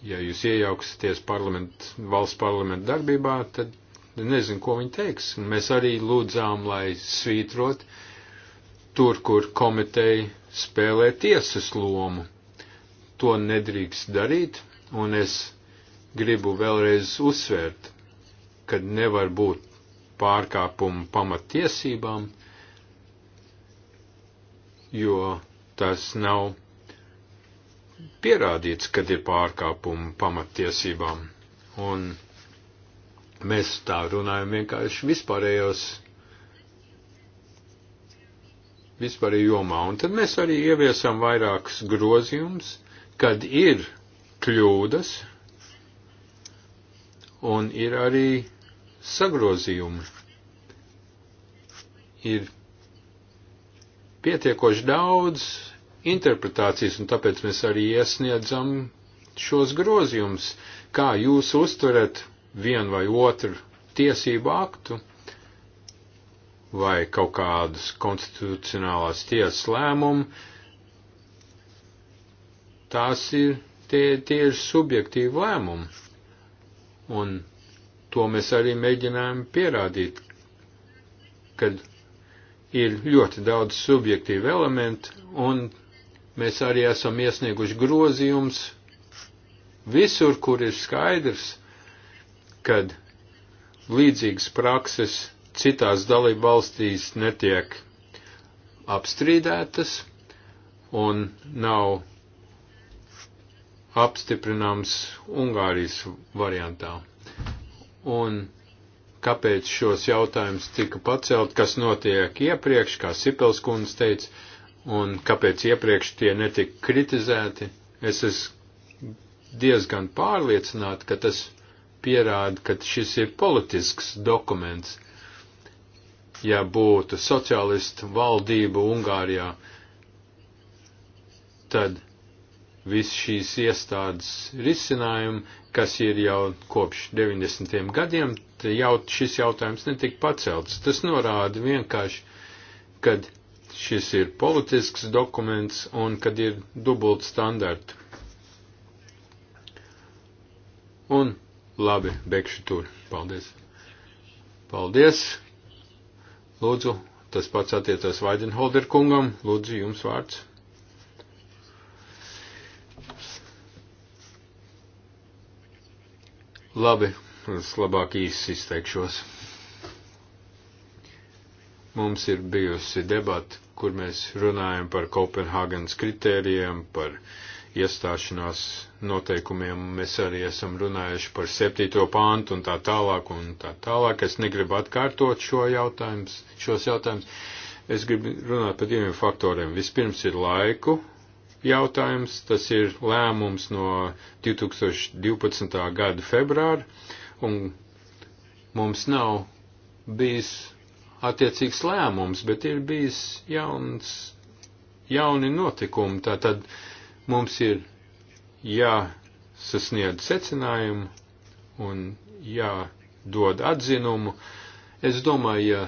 Ja jūs iejauksieties parlament, valsts parlamenta darbībā, tad nezinu, ko viņi teiks. Mēs arī lūdzām, lai svītrot tur, kur komiteja spēlē tiesas lomu. To nedrīkst darīt, un es gribu vēlreiz uzsvērt, ka nevar būt pārkāpumu pamatiesībām, jo tas nav pierādīts, kad ir pārkāpumi pamattiesībām. Un mēs tā runājam vienkārši vispārējos, vispārējā jomā. Un tad mēs arī ieviesam vairākus grozījumus, kad ir kļūdas un ir arī sagrozījumi. Ir pietiekoši daudz interpretācijas, un tāpēc mēs arī iesniedzam šos grozījumus, kā jūs uztverat vienu vai otru tiesību aktu vai kaut kādus konstitucionālās tiesas lēmumu. Tās ir tie tieši subjektīvi lēmumi, un to mēs arī mēģinājām pierādīt, kad ir ļoti daudz subjektīvu elementu, un mēs arī esam iesnieguši grozījums visur, kur ir skaidrs, kad līdzīgas prakses citās dalību valstīs netiek apstrīdētas un nav apstiprināms Ungārijas variantā. Un kāpēc šos jautājumus tika pacelt, kas notiek iepriekš, kā Sipels kundze teica, un kāpēc iepriekš tie netika kritizēti. Es esmu diezgan pārliecināta, ka tas pierāda, ka šis ir politisks dokuments. Ja būtu sociālistu valdība Ungārijā, tad viss šīs iestādes risinājumu, kas ir jau kopš 90. gadiem, jau šis jautājums netika pacelts. Tas norāda vienkārši, kad šis ir politisks dokuments un kad ir dubult standarti. Un labi, beigšu tur. Paldies. Paldies. Lūdzu, tas pats attiecas Vaidenholder kungam. Lūdzu, jums vārds. Labi, es labāk īsi izteikšos. Mums ir bijusi debata, kur mēs runājam par Kopenhāgenes kritērijiem, par iestāšanās noteikumiem, mēs arī esam runājuši par septīto pāntu un tā tālāk un tā tālāk. Es negribu atkārtot šo jautājums, šos jautājumus. Es gribu runāt par diviem faktoriem. Vispirms ir laiku jautājums, tas ir lēmums no 2012. gada februāra, un mums nav bijis attiecīgs lēmums, bet ir bijis jauns, jauni notikumi, tātad mums ir jāsasniedz secinājumu un jādod atzinumu. Es domāju, ja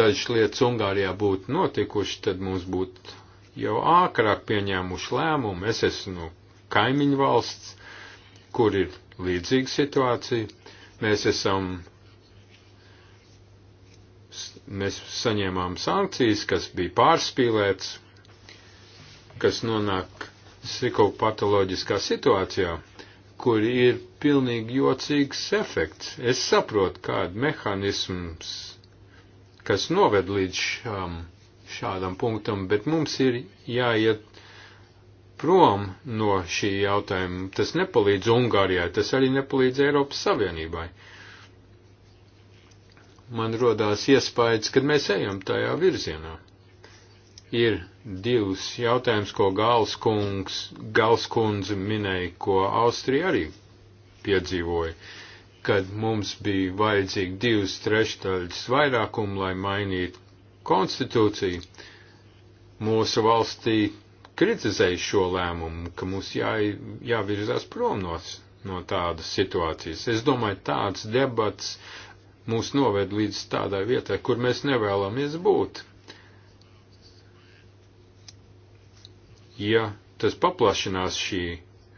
dažas lietas Ungārijā būtu notikuši, tad mums būtu jau ātrāk pieņēmuši lēmumu. Es esmu no kaimiņu valsts, kur ir līdzīga situācija. Mēs esam, mēs saņēmām sankcijas, kas bija pārspīlēts, kas nonāk psihopatoloģiskā situācijā, kur ir pilnīgi jocīgs efekts. Es saprotu, kāda mehānisms, kas noved līdz šām um, šādam punktam, bet mums ir jāiet prom no šī jautājuma. Tas nepalīdz Ungārijai, tas arī nepalīdz Eiropas Savienībai. Man rodās iespējas, kad mēs ejam tajā virzienā. Ir divs jautājums, ko Gāls kungs, Gāls kundze minēja, ko Austrija arī piedzīvoja, kad mums bija vajadzīgi divas trešdaļas vairākumu, lai mainītu konstitūciju. Mūsu valstī kritizēja šo lēmumu, ka mums jā, jāvirzās prom no, no tādas situācijas. Es domāju, tāds debats mūs noved līdz tādai vietai, kur mēs nevēlamies būt. Ja tas paplašinās šī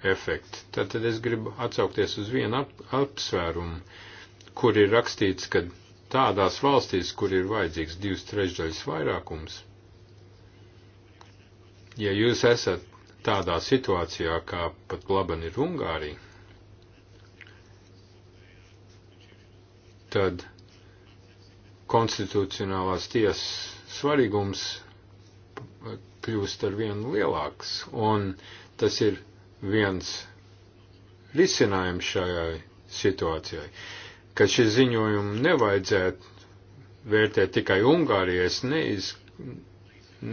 efekta, tad, tad es gribu atsaukties uz vienu ap, apsvērumu, kur ir rakstīts, ka tādās valstīs, kur ir vajadzīgs divas trešdaļas vairākums, ja jūs esat tādā situācijā, kā pat laban ir Ungārija, tad konstitucionālās tiesas svarīgums kļūst ar vienu lielāks, un tas ir viens risinājums šajai situācijai. Uh, ka šī ziņojuma nevajadzētu vērtēt tikai Ungārijai. Es neiz,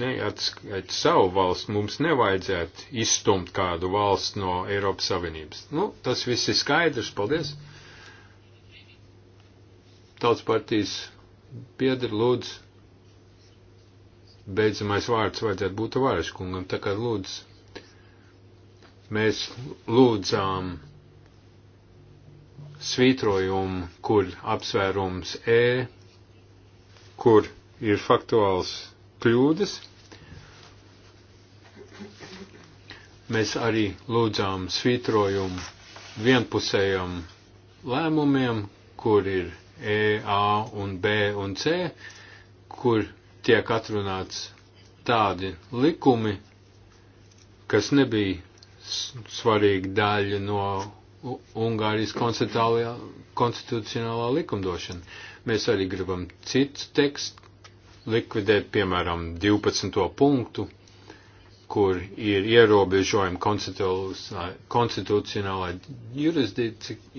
neatskaitu savu valstu, mums nevajadzētu izstumt kādu valstu no Eiropas Savienības. Nu, tas viss ir skaidrs, paldies. Tautas partijas biedri lūdzu. Beidzamais vārds vajadzētu būt vareškungam, tā kā lūdzu. Mēs lūdzām svītrojumu, kur apsvērums E, kur ir faktuāls kļūdas. Mēs arī lūdzām svītrojumu vienpusējam lēmumiem, kur ir E, A un B un C, kur tiek atrunāts tādi likumi, kas nebija svarīga daļa no Ungārijas konstitucionālā likumdošana. Mēs arī gribam citu tekstu likvidēt, piemēram, 12. punktu, kur ir ierobežojumi konstitucionālai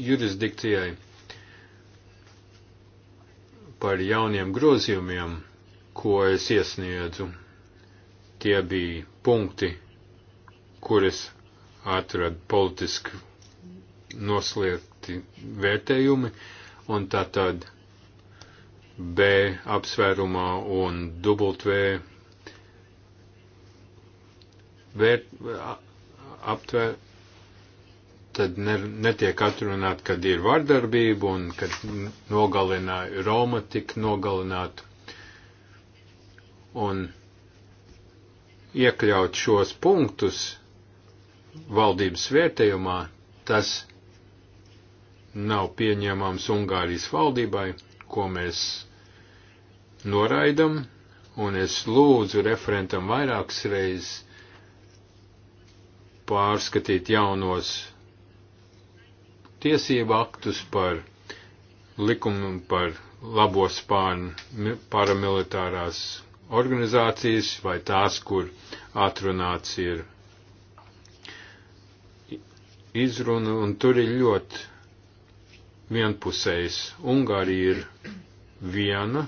jurisdikcijai par jauniem grozījumiem, ko es iesniedzu. Tie bija punkti, kuras atrada politiski nosliekti vērtējumi, un tātad B apsvērumā un W vērt, aptvēr, tad ne, netiek atrunāt, kad ir vardarbība un kad nogalināja Roma tik nogalināta. Un iekļaut šos punktus valdības vērtējumā, tas nav pieņemams Ungārijas valdībai, ko mēs noraidam, un es lūdzu referentam vairākas reizes pārskatīt jaunos tiesību aktus par likumu par labo spārnu paramilitārās organizācijas vai tās, kur atrunāts ir izruna, un tur ir ļoti vienpusējs. Ungārija ir viena,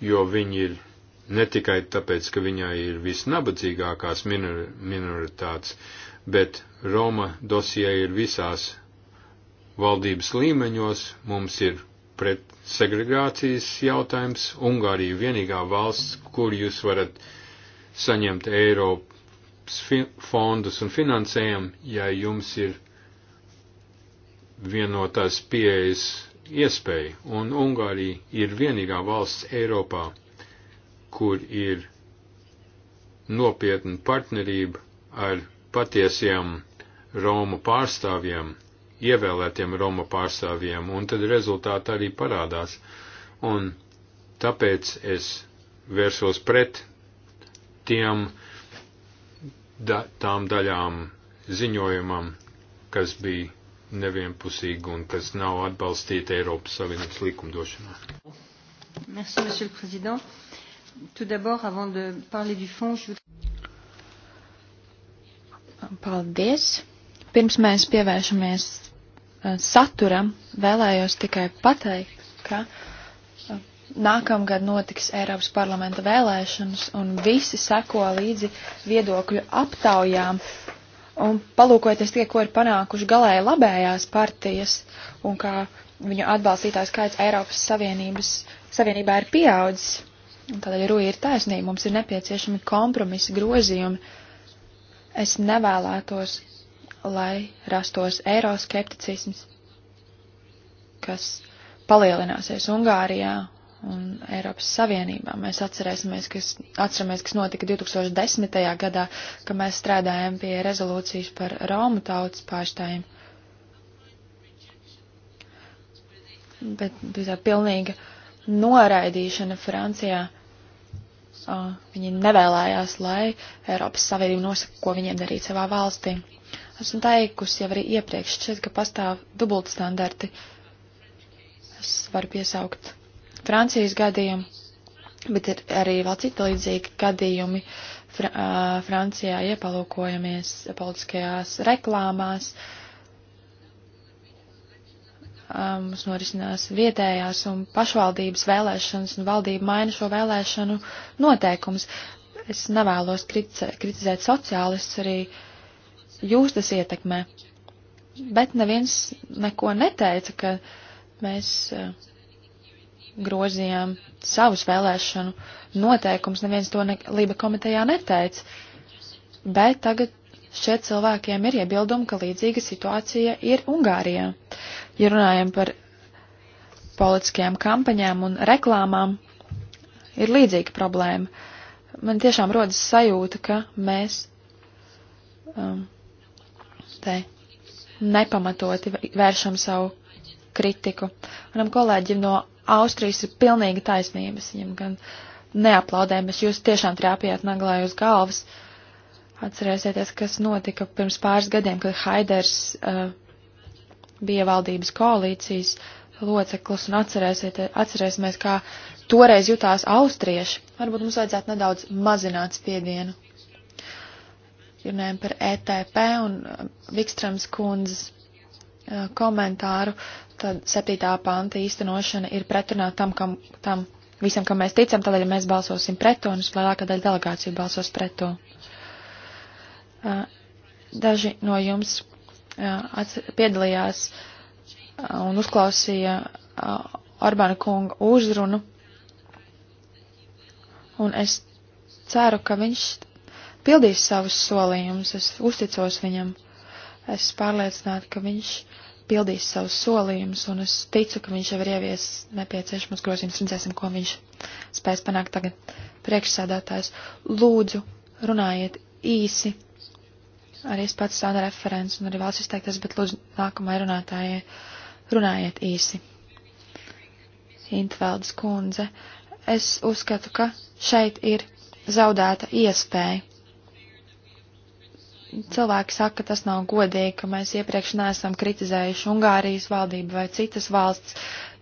jo viņi ir ne tikai tāpēc, ka viņai ir visnabadzīgākās minor minoritātes, bet Roma dosijai ir visās valdības līmeņos, mums ir pret segregācijas jautājums, Ungārija vienīgā valsts, kur jūs varat saņemt Eiropas fondus un finansējumu, ja jums ir vienotās pieejas iespēju, un Ungārija ir vienīgā valsts Eiropā, kur ir nopietna partnerība ar patiesiem Roma pārstāvjiem, ievēlētiem Roma pārstāvjiem, un tad rezultāti arī parādās. Un tāpēc es vērsos pret tiem, da, tām daļām ziņojumam, kas bija nevienpusīga un kas nav atbalstīta Eiropas Savienības likumdošanā. Merci, Monsieur le Président. Tout d'abord, avant de parler du fond, je voudrais. Paldies. Pirms mēs pievēršamies eh, saturam, vēlējos tikai pateikt, ka eh, nākamgad notiks Eiropas parlamenta vēlēšanas un visi seko līdzi viedokļu aptaujām Un palūkojoties tie, ko ir panākuši galēji labējās partijas un kā viņu atbalstītājs skaits Eiropas Savienības, Savienībā ir pieaudzis, un tādēļ Rūja ir taisnība, mums ir nepieciešami kompromisi, grozījumi. Es nevēlētos, lai rastos eiroskepticisms, kas palielināsies Ungārijā un Eiropas Savienībā. Mēs atcerēsimies, kas, atceramies, kas notika 2010. gadā, kad mēs strādājām pie rezolūcijas par Romu tautas pārstājiem. Bet bija tā pilnīga noraidīšana Francijā. Uh, viņi nevēlējās, lai Eiropas Savienība nosaka, ko viņiem darīt savā valstī. Esmu teikusi jau arī iepriekš, šķiet, ka pastāv dubultstandarti. Es varu piesaukt Francijas gadījumu, bet ir arī vēl citi līdzīgi gadījumi. Fra Francijā iepalūkojamies politiskajās reklāmās, mums norisinās vietējās un pašvaldības vēlēšanas, un valdība maina šo vēlēšanu noteikums. Es nevēlos kritizēt sociālistus, arī jūs tas ietekmē. Bet neviens neko neteica, ka mēs uh, grozījām savus vēlēšanu noteikumus, neviens to ne, Lība komitejā neteica. Bet tagad šeit cilvēkiem ir iebildumi, ka līdzīga situācija ir Ungārijā. Ja runājam par politiskajām kampaņām un reklāmām, ir līdzīga problēma. Man tiešām rodas sajūta, ka mēs um, te nepamatoti vēršam savu kritiku. Manam kolēģim no Austrijas ir pilnīgi taisnība. Es viņam gan neaplaudēju, bet jūs tiešām trāpījāt naglai uz galvas. Atcerēsieties, kas notika pirms pāris gadiem, kad Haiders uh, bija valdības koalīcijas loceklis, un atcerēsimies, kā toreiz jutās austrieši. Varbūt mums vajadzētu nedaudz mazināt spiedienu. Runājam par ETP un uh, Vikstrams kundzes Eh, komentāru, tad septītā panta īstenošana ir pretrunā tam, kam, tam visam, kam mēs ticam, tādēļ mēs balsosim pret to, un lielākā daļa delegāciju balsos pret to. Eh, daži no jums eh, piedalījās un uzklausīja Orbāna kunga uzrunu, un es ceru, ka viņš pildīs savus solījumus, es uzticos viņam. Es pārliecināta, ka viņš pildīs savus solījumus, un es ticu, ka viņš jau ir ievies nepieciešamos grozījumus. Redzēsim, ko viņš spēs panākt tagad. Priekšsēdētājs, lūdzu, runājiet īsi. Arī es pats tādu referents un arī valsts izteikties, bet lūdzu nākamai runātājai runājiet īsi. Intveldes kundze, es uzskatu, ka šeit ir zaudēta iespēja cilvēki saka, ka tas nav godīgi, ka mēs iepriekš neesam kritizējuši Ungārijas valdību vai citas valsts.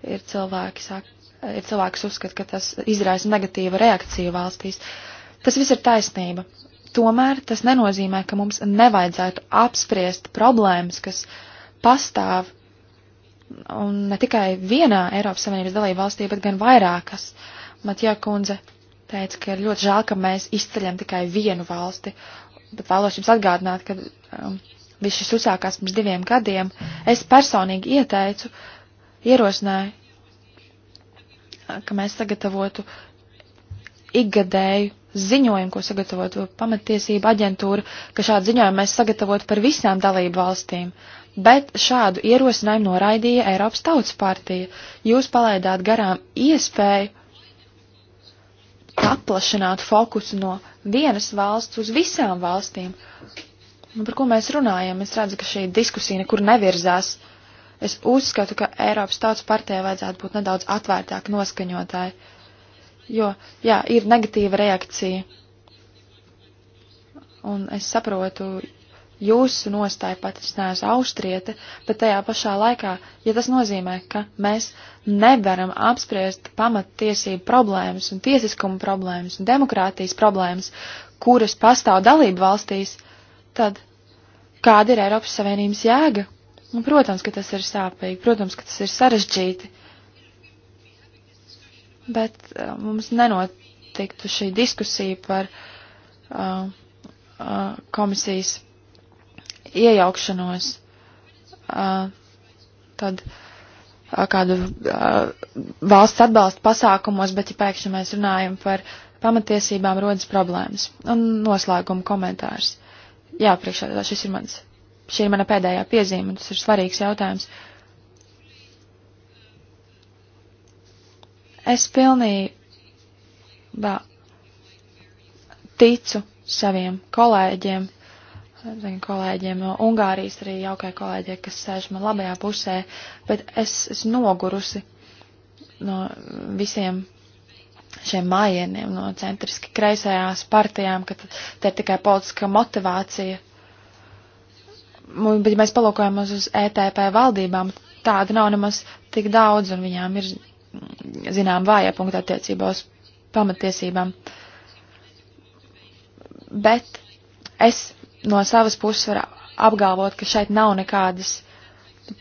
Ir cilvēki, saka, ir cilvēks uzskat, ka tas izraisa negatīvu reakciju valstīs. Tas viss ir taisnība. Tomēr tas nenozīmē, ka mums nevajadzētu apspriest problēmas, kas pastāv un ne tikai vienā Eiropas Savienības dalību valstī, bet gan vairākas. Matjā kundze teica, ka ir ļoti žēl, ka mēs izceļam tikai vienu valsti bet vēlos jums atgādināt, ka um, viss šis uzsākās pirms diviem gadiem. Es personīgi ieteicu, ierosināju, ka mēs sagatavotu ikgadēju ziņojumu, ko sagatavotu pamatiesība aģentūra, ka šādu ziņojumu mēs sagatavotu par visām dalību valstīm. Bet šādu ierosinājumu noraidīja Eiropas Tautas partija. Jūs palaidāt garām iespēju paplašināt fokusu no vienas valsts uz visām valstīm. Un nu, par ko mēs runājam? Es redzu, ka šī diskusija nekur nevirzās. Es uzskatu, ka Eiropas tautas partijai vajadzētu būt nedaudz atvērtāk noskaņotāji. Jo, jā, ir negatīva reakcija. Un es saprotu jūsu nostāja pat es neesmu austriete, bet tajā pašā laikā, ja tas nozīmē, ka mēs nevaram apspriest pamattiesību problēmas un tiesiskuma problēmas un demokrātijas problēmas, kuras pastāv dalību valstīs, tad kāda ir Eiropas Savienības jēga? Un, protams, ka tas ir sāpīgi, protams, ka tas ir sarežģīti, bet uh, mums nenotiktu šī diskusija par uh, uh, komisijas iejaukšanos, tad kādu valsts atbalsta pasākumos, bet ja pēkšņi mēs runājam par pamatiesībām, rodas problēmas. Un noslēguma komentārs. Jā, priekšā, šis ir mans, šī ir mana pēdējā piezīme, un tas ir svarīgs jautājums. Es pilnībā ticu saviem kolēģiem, zinu, kolēģiem no Ungārijas, arī jaukai kolēģie, kas sēž man labajā pusē, bet es esmu nogurusi no visiem šiem mājieniem, no centriski kreisajās partijām, ka te ir tikai politiska motivācija. Bet, ja mēs palūkojamies uz ETP valdībām, tāda nav nemaz tik daudz, un viņām ir, zinām, vājā punkta attiecībā uz pamatiesībām. Bet es no savas puses var apgalvot, ka šeit nav nekādas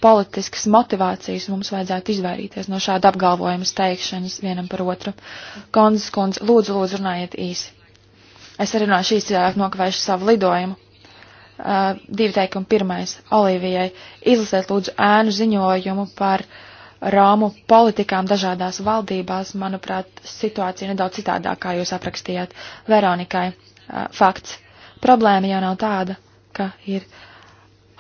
politiskas motivācijas, un mums vajadzētu izvairīties no šāda apgalvojuma steigšanas vienam par otru. Konzis kundze, lūdzu, lūdzu, runājiet īsi. Es arī no šīs cilvēku nokavēšu savu lidojumu. Uh, divi teikumi. Pirmais, Olivijai, izlasiet lūdzu ēnu ziņojumu par Romu politikām dažādās valdībās. Manuprāt, situācija nedaudz citādāk, kā jūs aprakstījāt. Veronikai, uh, fakts problēma jau nav tāda, ka ir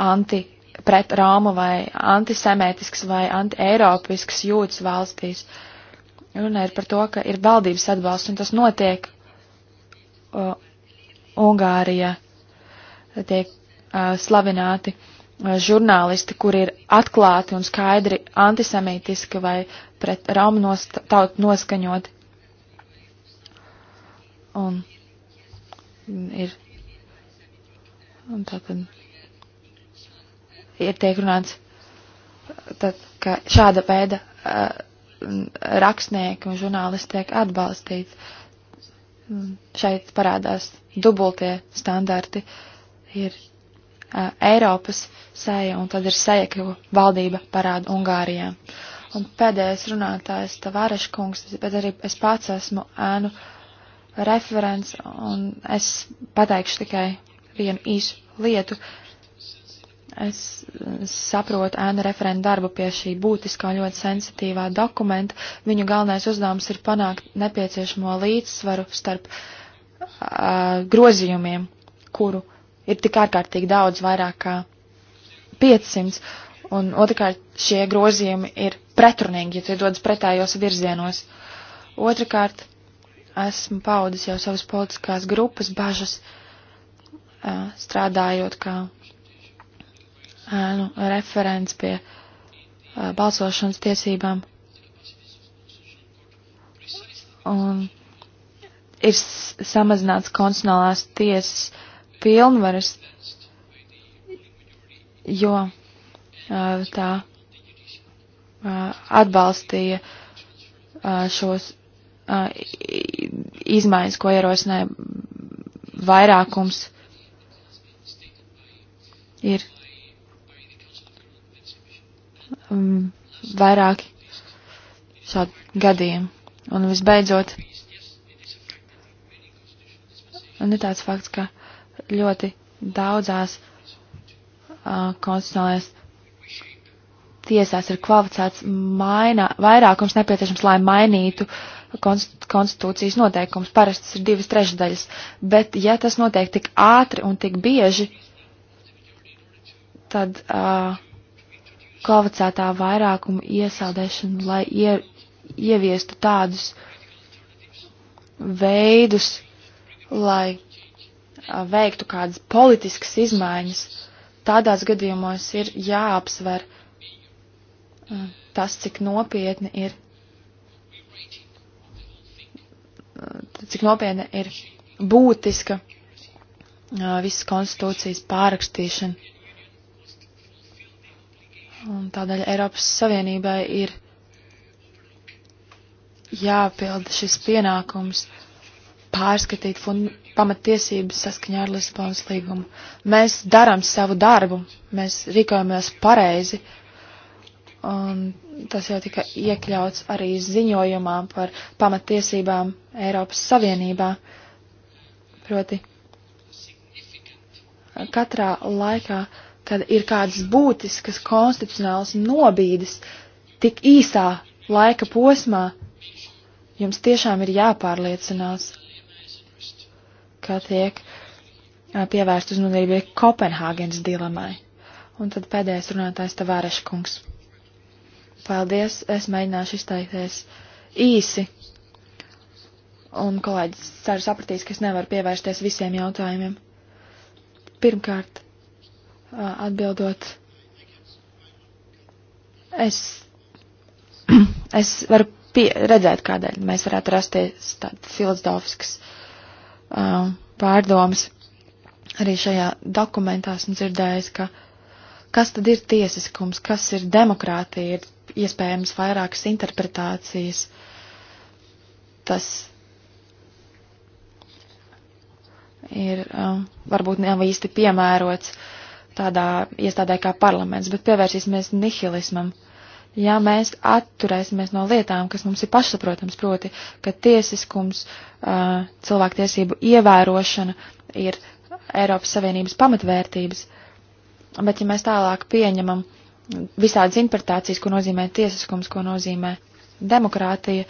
anti pret Romu vai antisemētisks vai antieiropisks jūtas valstīs. Runa ir par to, ka ir valdības atbalsts, un tas notiek uh, Ungārija. Tiek uh, slavināti uh, žurnālisti, kur ir atklāti un skaidri antisemītiski vai pret Romu nost tautu noskaņoti. Un ir Un tātad ir tiek runāts, tad, ka šāda veida uh, rakstnieki un žurnālisti tiek atbalstīti. Šeit parādās dubultie standarti. Ir uh, Eiropas seja un tad ir seja, ko valdība parāda Ungārijā. Un pēdējais runātājs Tavāreškungs, bet arī es pats esmu ēnu referents un es pateikšu tikai vienu īsu lietu. Es saprotu ēna referenta darbu pie šī būtiskā ļoti sensitīvā dokumenta. Viņu galvenais uzdevums ir panākt nepieciešamo līdzsvaru starp uh, grozījumiem, kuru ir tik ārkārtīgi daudz, vairāk kā 500. Un otrkārt, šie grozījumi ir pretrunīgi, ja tie dodas pretējos virzienos. Otrakārt, esmu paudis jau savas politiskās grupas bažas. Uh, strādājot kā nu, referents pie balsošanas tiesībām. Un ir samazināts konstitucionālās tiesas pilnvaras, jo tā atbalstīja šos izmaiņas, ko ierosināja vairākums ir um, vairāki šādi gadījumi. Un visbeidzot, un ir tāds fakts, ka ļoti daudzās uh, konstitucionālajās tiesās ir kvalificēts maina, vairākums nepieciešams, lai mainītu konstitūcijas noteikums. Parasti tas ir divas trešdaļas, bet ja tas notiek tik ātri un tik bieži, uh, tad uh, kvalificētā vairākuma iesaldēšana, lai ie, ieviestu tādus veidus, lai uh, veiktu kādas politiskas izmaiņas, tādās gadījumos ir jāapsver uh, tas, cik nopietni ir, uh, cik nopietni ir būtiska visas konstitūcijas pārakstīšana. Un tādēļ Eiropas Savienībai ir jāpilda šis pienākums pārskatīt pamatiesības saskaņā ar Lisabonas līgumu. Mēs darām savu darbu, mēs rīkojamies pareizi, un tas jau tika iekļauts arī ziņojumā par pamatiesībām Eiropas Savienībā. Proti, katrā laikā uh, kad ir kādas būtiskas konstitucionālas nobīdes tik īsā laika posmā, jums tiešām ir jāpārliecinās, kā tiek pievērst uzmanību Kopenhāgenes dilemai. Un tad pēdējais runātājs Tavāreškungs. Paldies, es mēģināšu izteikties īsi. Un kolēģis ceru sapratīs, ka es nevaru pievērsties visiem jautājumiem. Pirmkārt, atbildot. Es, es varu pie, redzēt, kādēļ mēs varētu rasties tādas filozofiskas uh, pārdomas. Arī šajā dokumentā esmu dzirdējis, ka kas tad ir tiesiskums, kas ir demokrātija, ir iespējams vairākas interpretācijas. Tas ir uh, varbūt nav īsti piemērots uh, tādā iestādē kā parlaments, bet pievērsīsimies nihilismam. Ja mēs atturēsimies no lietām, kas mums ir pašsaprotams, proti, ka tiesiskums, cilvēktiesību ievērošana ir Eiropas Savienības pamatvērtības, bet ja mēs tālāk pieņemam visādas interpretācijas, ko nozīmē tiesiskums, ko nozīmē demokrātija,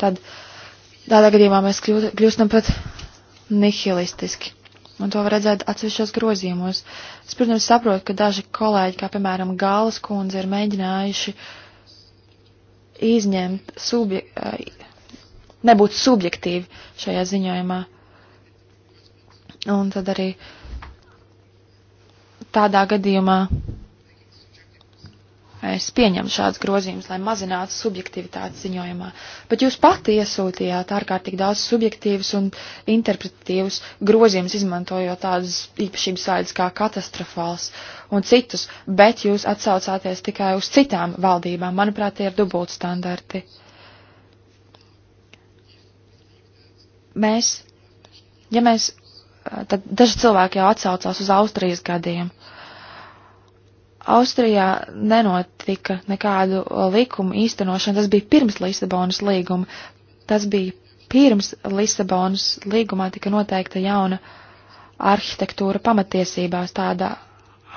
tad tādā gadījumā mēs kļūstam pat nihilistiski un to var redzēt atsevišķos grozījumos. Es, protams, saprotu, ka daži kolēģi, kā piemēram Gāles kundze, ir mēģinājuši izņemt, subje, nebūt subjektīvi šajā ziņojumā. Un tad arī tādā gadījumā Es pieņemu šādus grozījumus, lai mazinātu subjektivitāti ziņojumā. Bet jūs pati iesūtījāt ārkārtīgi daudz subjektīvus un interpretatīvus grozījumus, izmantojot tādas īpašības vārdus kā katastrofāls un citus, bet jūs atsaucāties tikai uz citām valdībām. Manuprāt, tie ir dubultstandarti. Mēs, ja mēs, tad daži cilvēki jau atsaucās uz Austrijas gadiem. Uh, Austrijā nenotika nekādu uh, likumu īstenošana, tas bija pirms Lisabonas līguma, tas bija pirms Lisabonas līgumā tika noteikta jauna arhitektūra pamatiesībās, tāda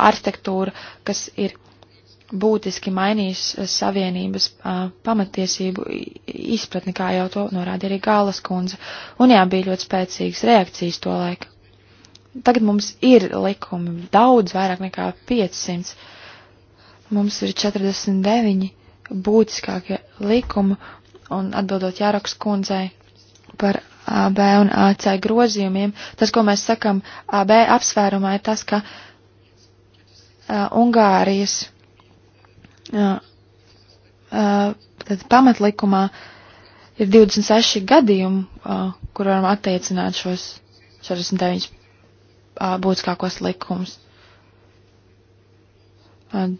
arhitektūra, kas ir būtiski mainījis uh, savienības uh, pamatiesību izpratni, kā jau to norāda arī Gālas kundze, un jā, bija ļoti spēcīgas reakcijas to laiku. Tagad mums ir likumi daudz vairāk nekā 500 Mums ir 49 būtiskākie likumi, un atbildot Jāraks kundzei par AB un AC grozījumiem, tas, ko mēs sakam AB apsvērumā, ir tas, ka uh, Ungārijas uh, uh, pamatlikumā ir 26 gadījumi, uh, kur varam attiecināt šos 49 uh, būtiskākos likumus.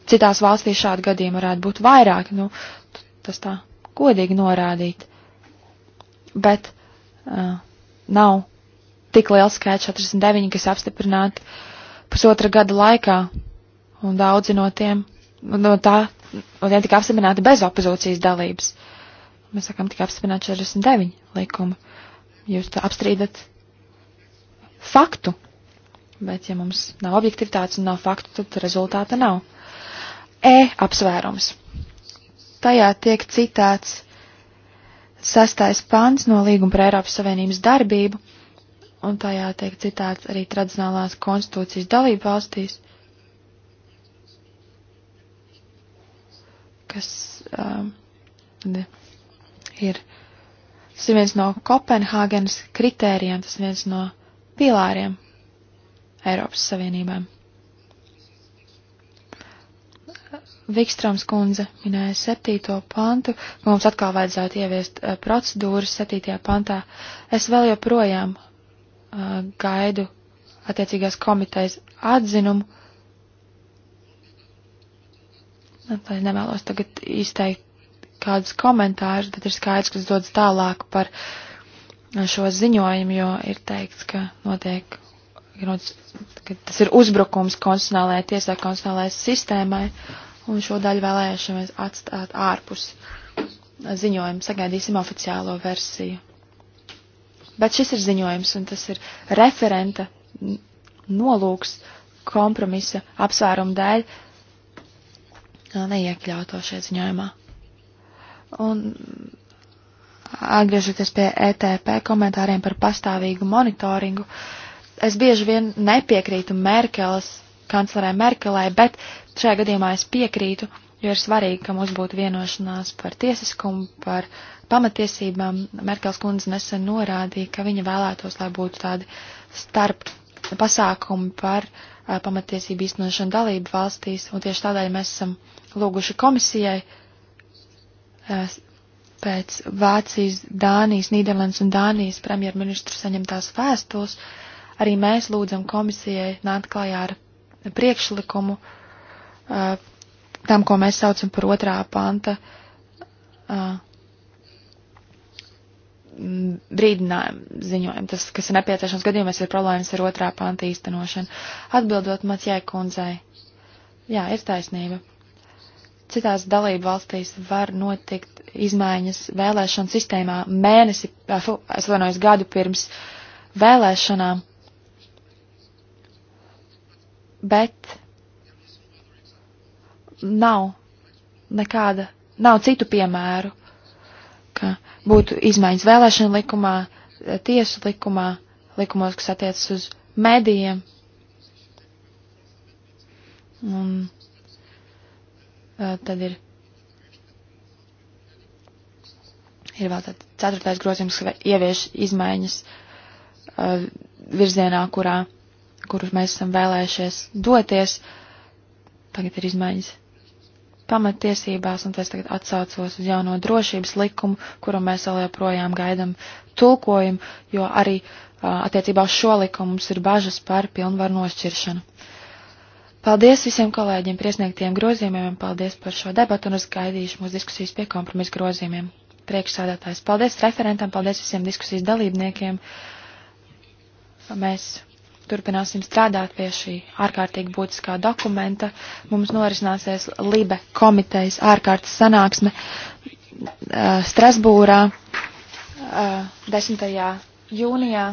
Citās valstīs šādi gadījumi varētu būt vairāk, nu, tas tā godīgi norādīt. Bet uh, nav tik liels skaits 49, kas apstiprināti pusotra gada laikā, un daudzi no tiem, no tā, no tiem tika apstiprināti bez opozīcijas dalības. Mēs sakām, tika apstiprināti 49 likumi. Jūs apstrīdat faktu, bet ja mums nav objektivitātes un nav faktu, tad rezultāta nav. E apsvērums. Tajā tiek citāts sastais pants no līguma par Eiropas Savienības darbību, un tajā tiek citāts arī tradicionālās konstitūcijas dalība valstīs, kas um, ir tas ir viens no Kopenhāgenes kritērijiem, tas ir viens no pilāriem Eiropas Savienībām. Vikstrāms kundze minēja septīto pantu, ka mums atkal vajadzētu ieviest uh, procedūras septītajā pantā. Es vēl joprojām uh, gaidu attiecīgās komitejas atzinumu. Nu, lai nevēlos tagad izteikt kādus komentārus, bet ir skaidrs, kas dodas tālāk par eh, šo ziņojumu, jo ir teikts, ka notiek, ka tas ir uzbrukums konstitucionālajai tiesai, konstitucionālajai sistēmai. Uh, un šo daļu vēlēšamies atstāt ārpus ziņojuma. Sagaidīsim oficiālo versiju. Bet šis ir ziņojums, un tas ir referenta nolūks kompromisa apsvērumu dēļ uh, neiekļauto šajā ziņojumā. Un atgriežoties pie ETP komentāriem par pastāvīgu monitoringu, es bieži vien nepiekrītu Merkeles, kanclerē Merkelē, bet Šajā gadījumā es piekrītu, jo ir svarīgi, ka mums būtu vienošanās par tiesiskumu, par pamatiesībām. Merkels kundze nesen norādīja, ka viņa vēlētos, lai būtu tādi starp pasākumi par a, pamatiesību īstenošanu dalību valstīs, un tieši tādēļ mēs esam lūguši komisijai a, pēc Vācijas, Dānijas, Nīderlandes un Dānijas premjerministru saņemtās vēstules, arī mēs lūdzam komisijai nākt klājā ar priekšlikumu uh, Uh, tam, ko mēs saucam par otrā panta uh, brīdinājumu ziņojumu. Tas, kas ir nepieciešams gadījumos, ir problēmas ar otrā panta īstenošanu. Atbildot Matjai kundzei, jā, ir taisnība. Citās dalību valstīs var notikt izmaiņas vēlēšanu sistēmā mēnesi, es vienojos gadu pirms vēlēšanām, bet nav nekāda, nav citu piemēru, ka būtu izmaiņas vēlēšana likumā, tiesu likumā, likumos, kas attiecas uz medijiem. Un eh, tad ir, ir vēl tāds ceturtais grozījums, ka ievieš izmaiņas uh, virzienā, kurā, kurus mēs esam vēlējušies doties. Tagad ir izmaiņas pamatiesībās, un es tagad atsaucos uz jauno drošības likumu, kuru mēs vēl joprojām gaidam tulkojumu, jo arī uh, attiecībā uz šo likumu mums ir bažas par pilnvaru nošķiršanu. Paldies visiem kolēģiem par iesniegtiem grozījumiem, paldies par šo debatu, un es gaidīšu mūsu diskusijas pie kompromisa grozījumiem. Priekšsādātājs, paldies referentam, paldies visiem diskusijas dalībniekiem. Mēs turpināsim strādāt pie šī ārkārtīgi būtiskā dokumenta. Mums norisināsies Libe komitejas ārkārtas sanāksme uh, Strasbūrā uh, 10. jūnijā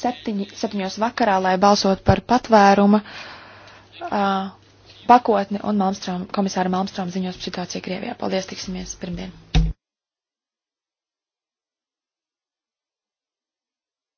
septiņi, septiņos vakarā, lai balsot par patvēruma uh, pakotni un Malmstrom, komisāra Malmstrom ziņos par situāciju Krievijā. Paldies, tiksimies pirmdien!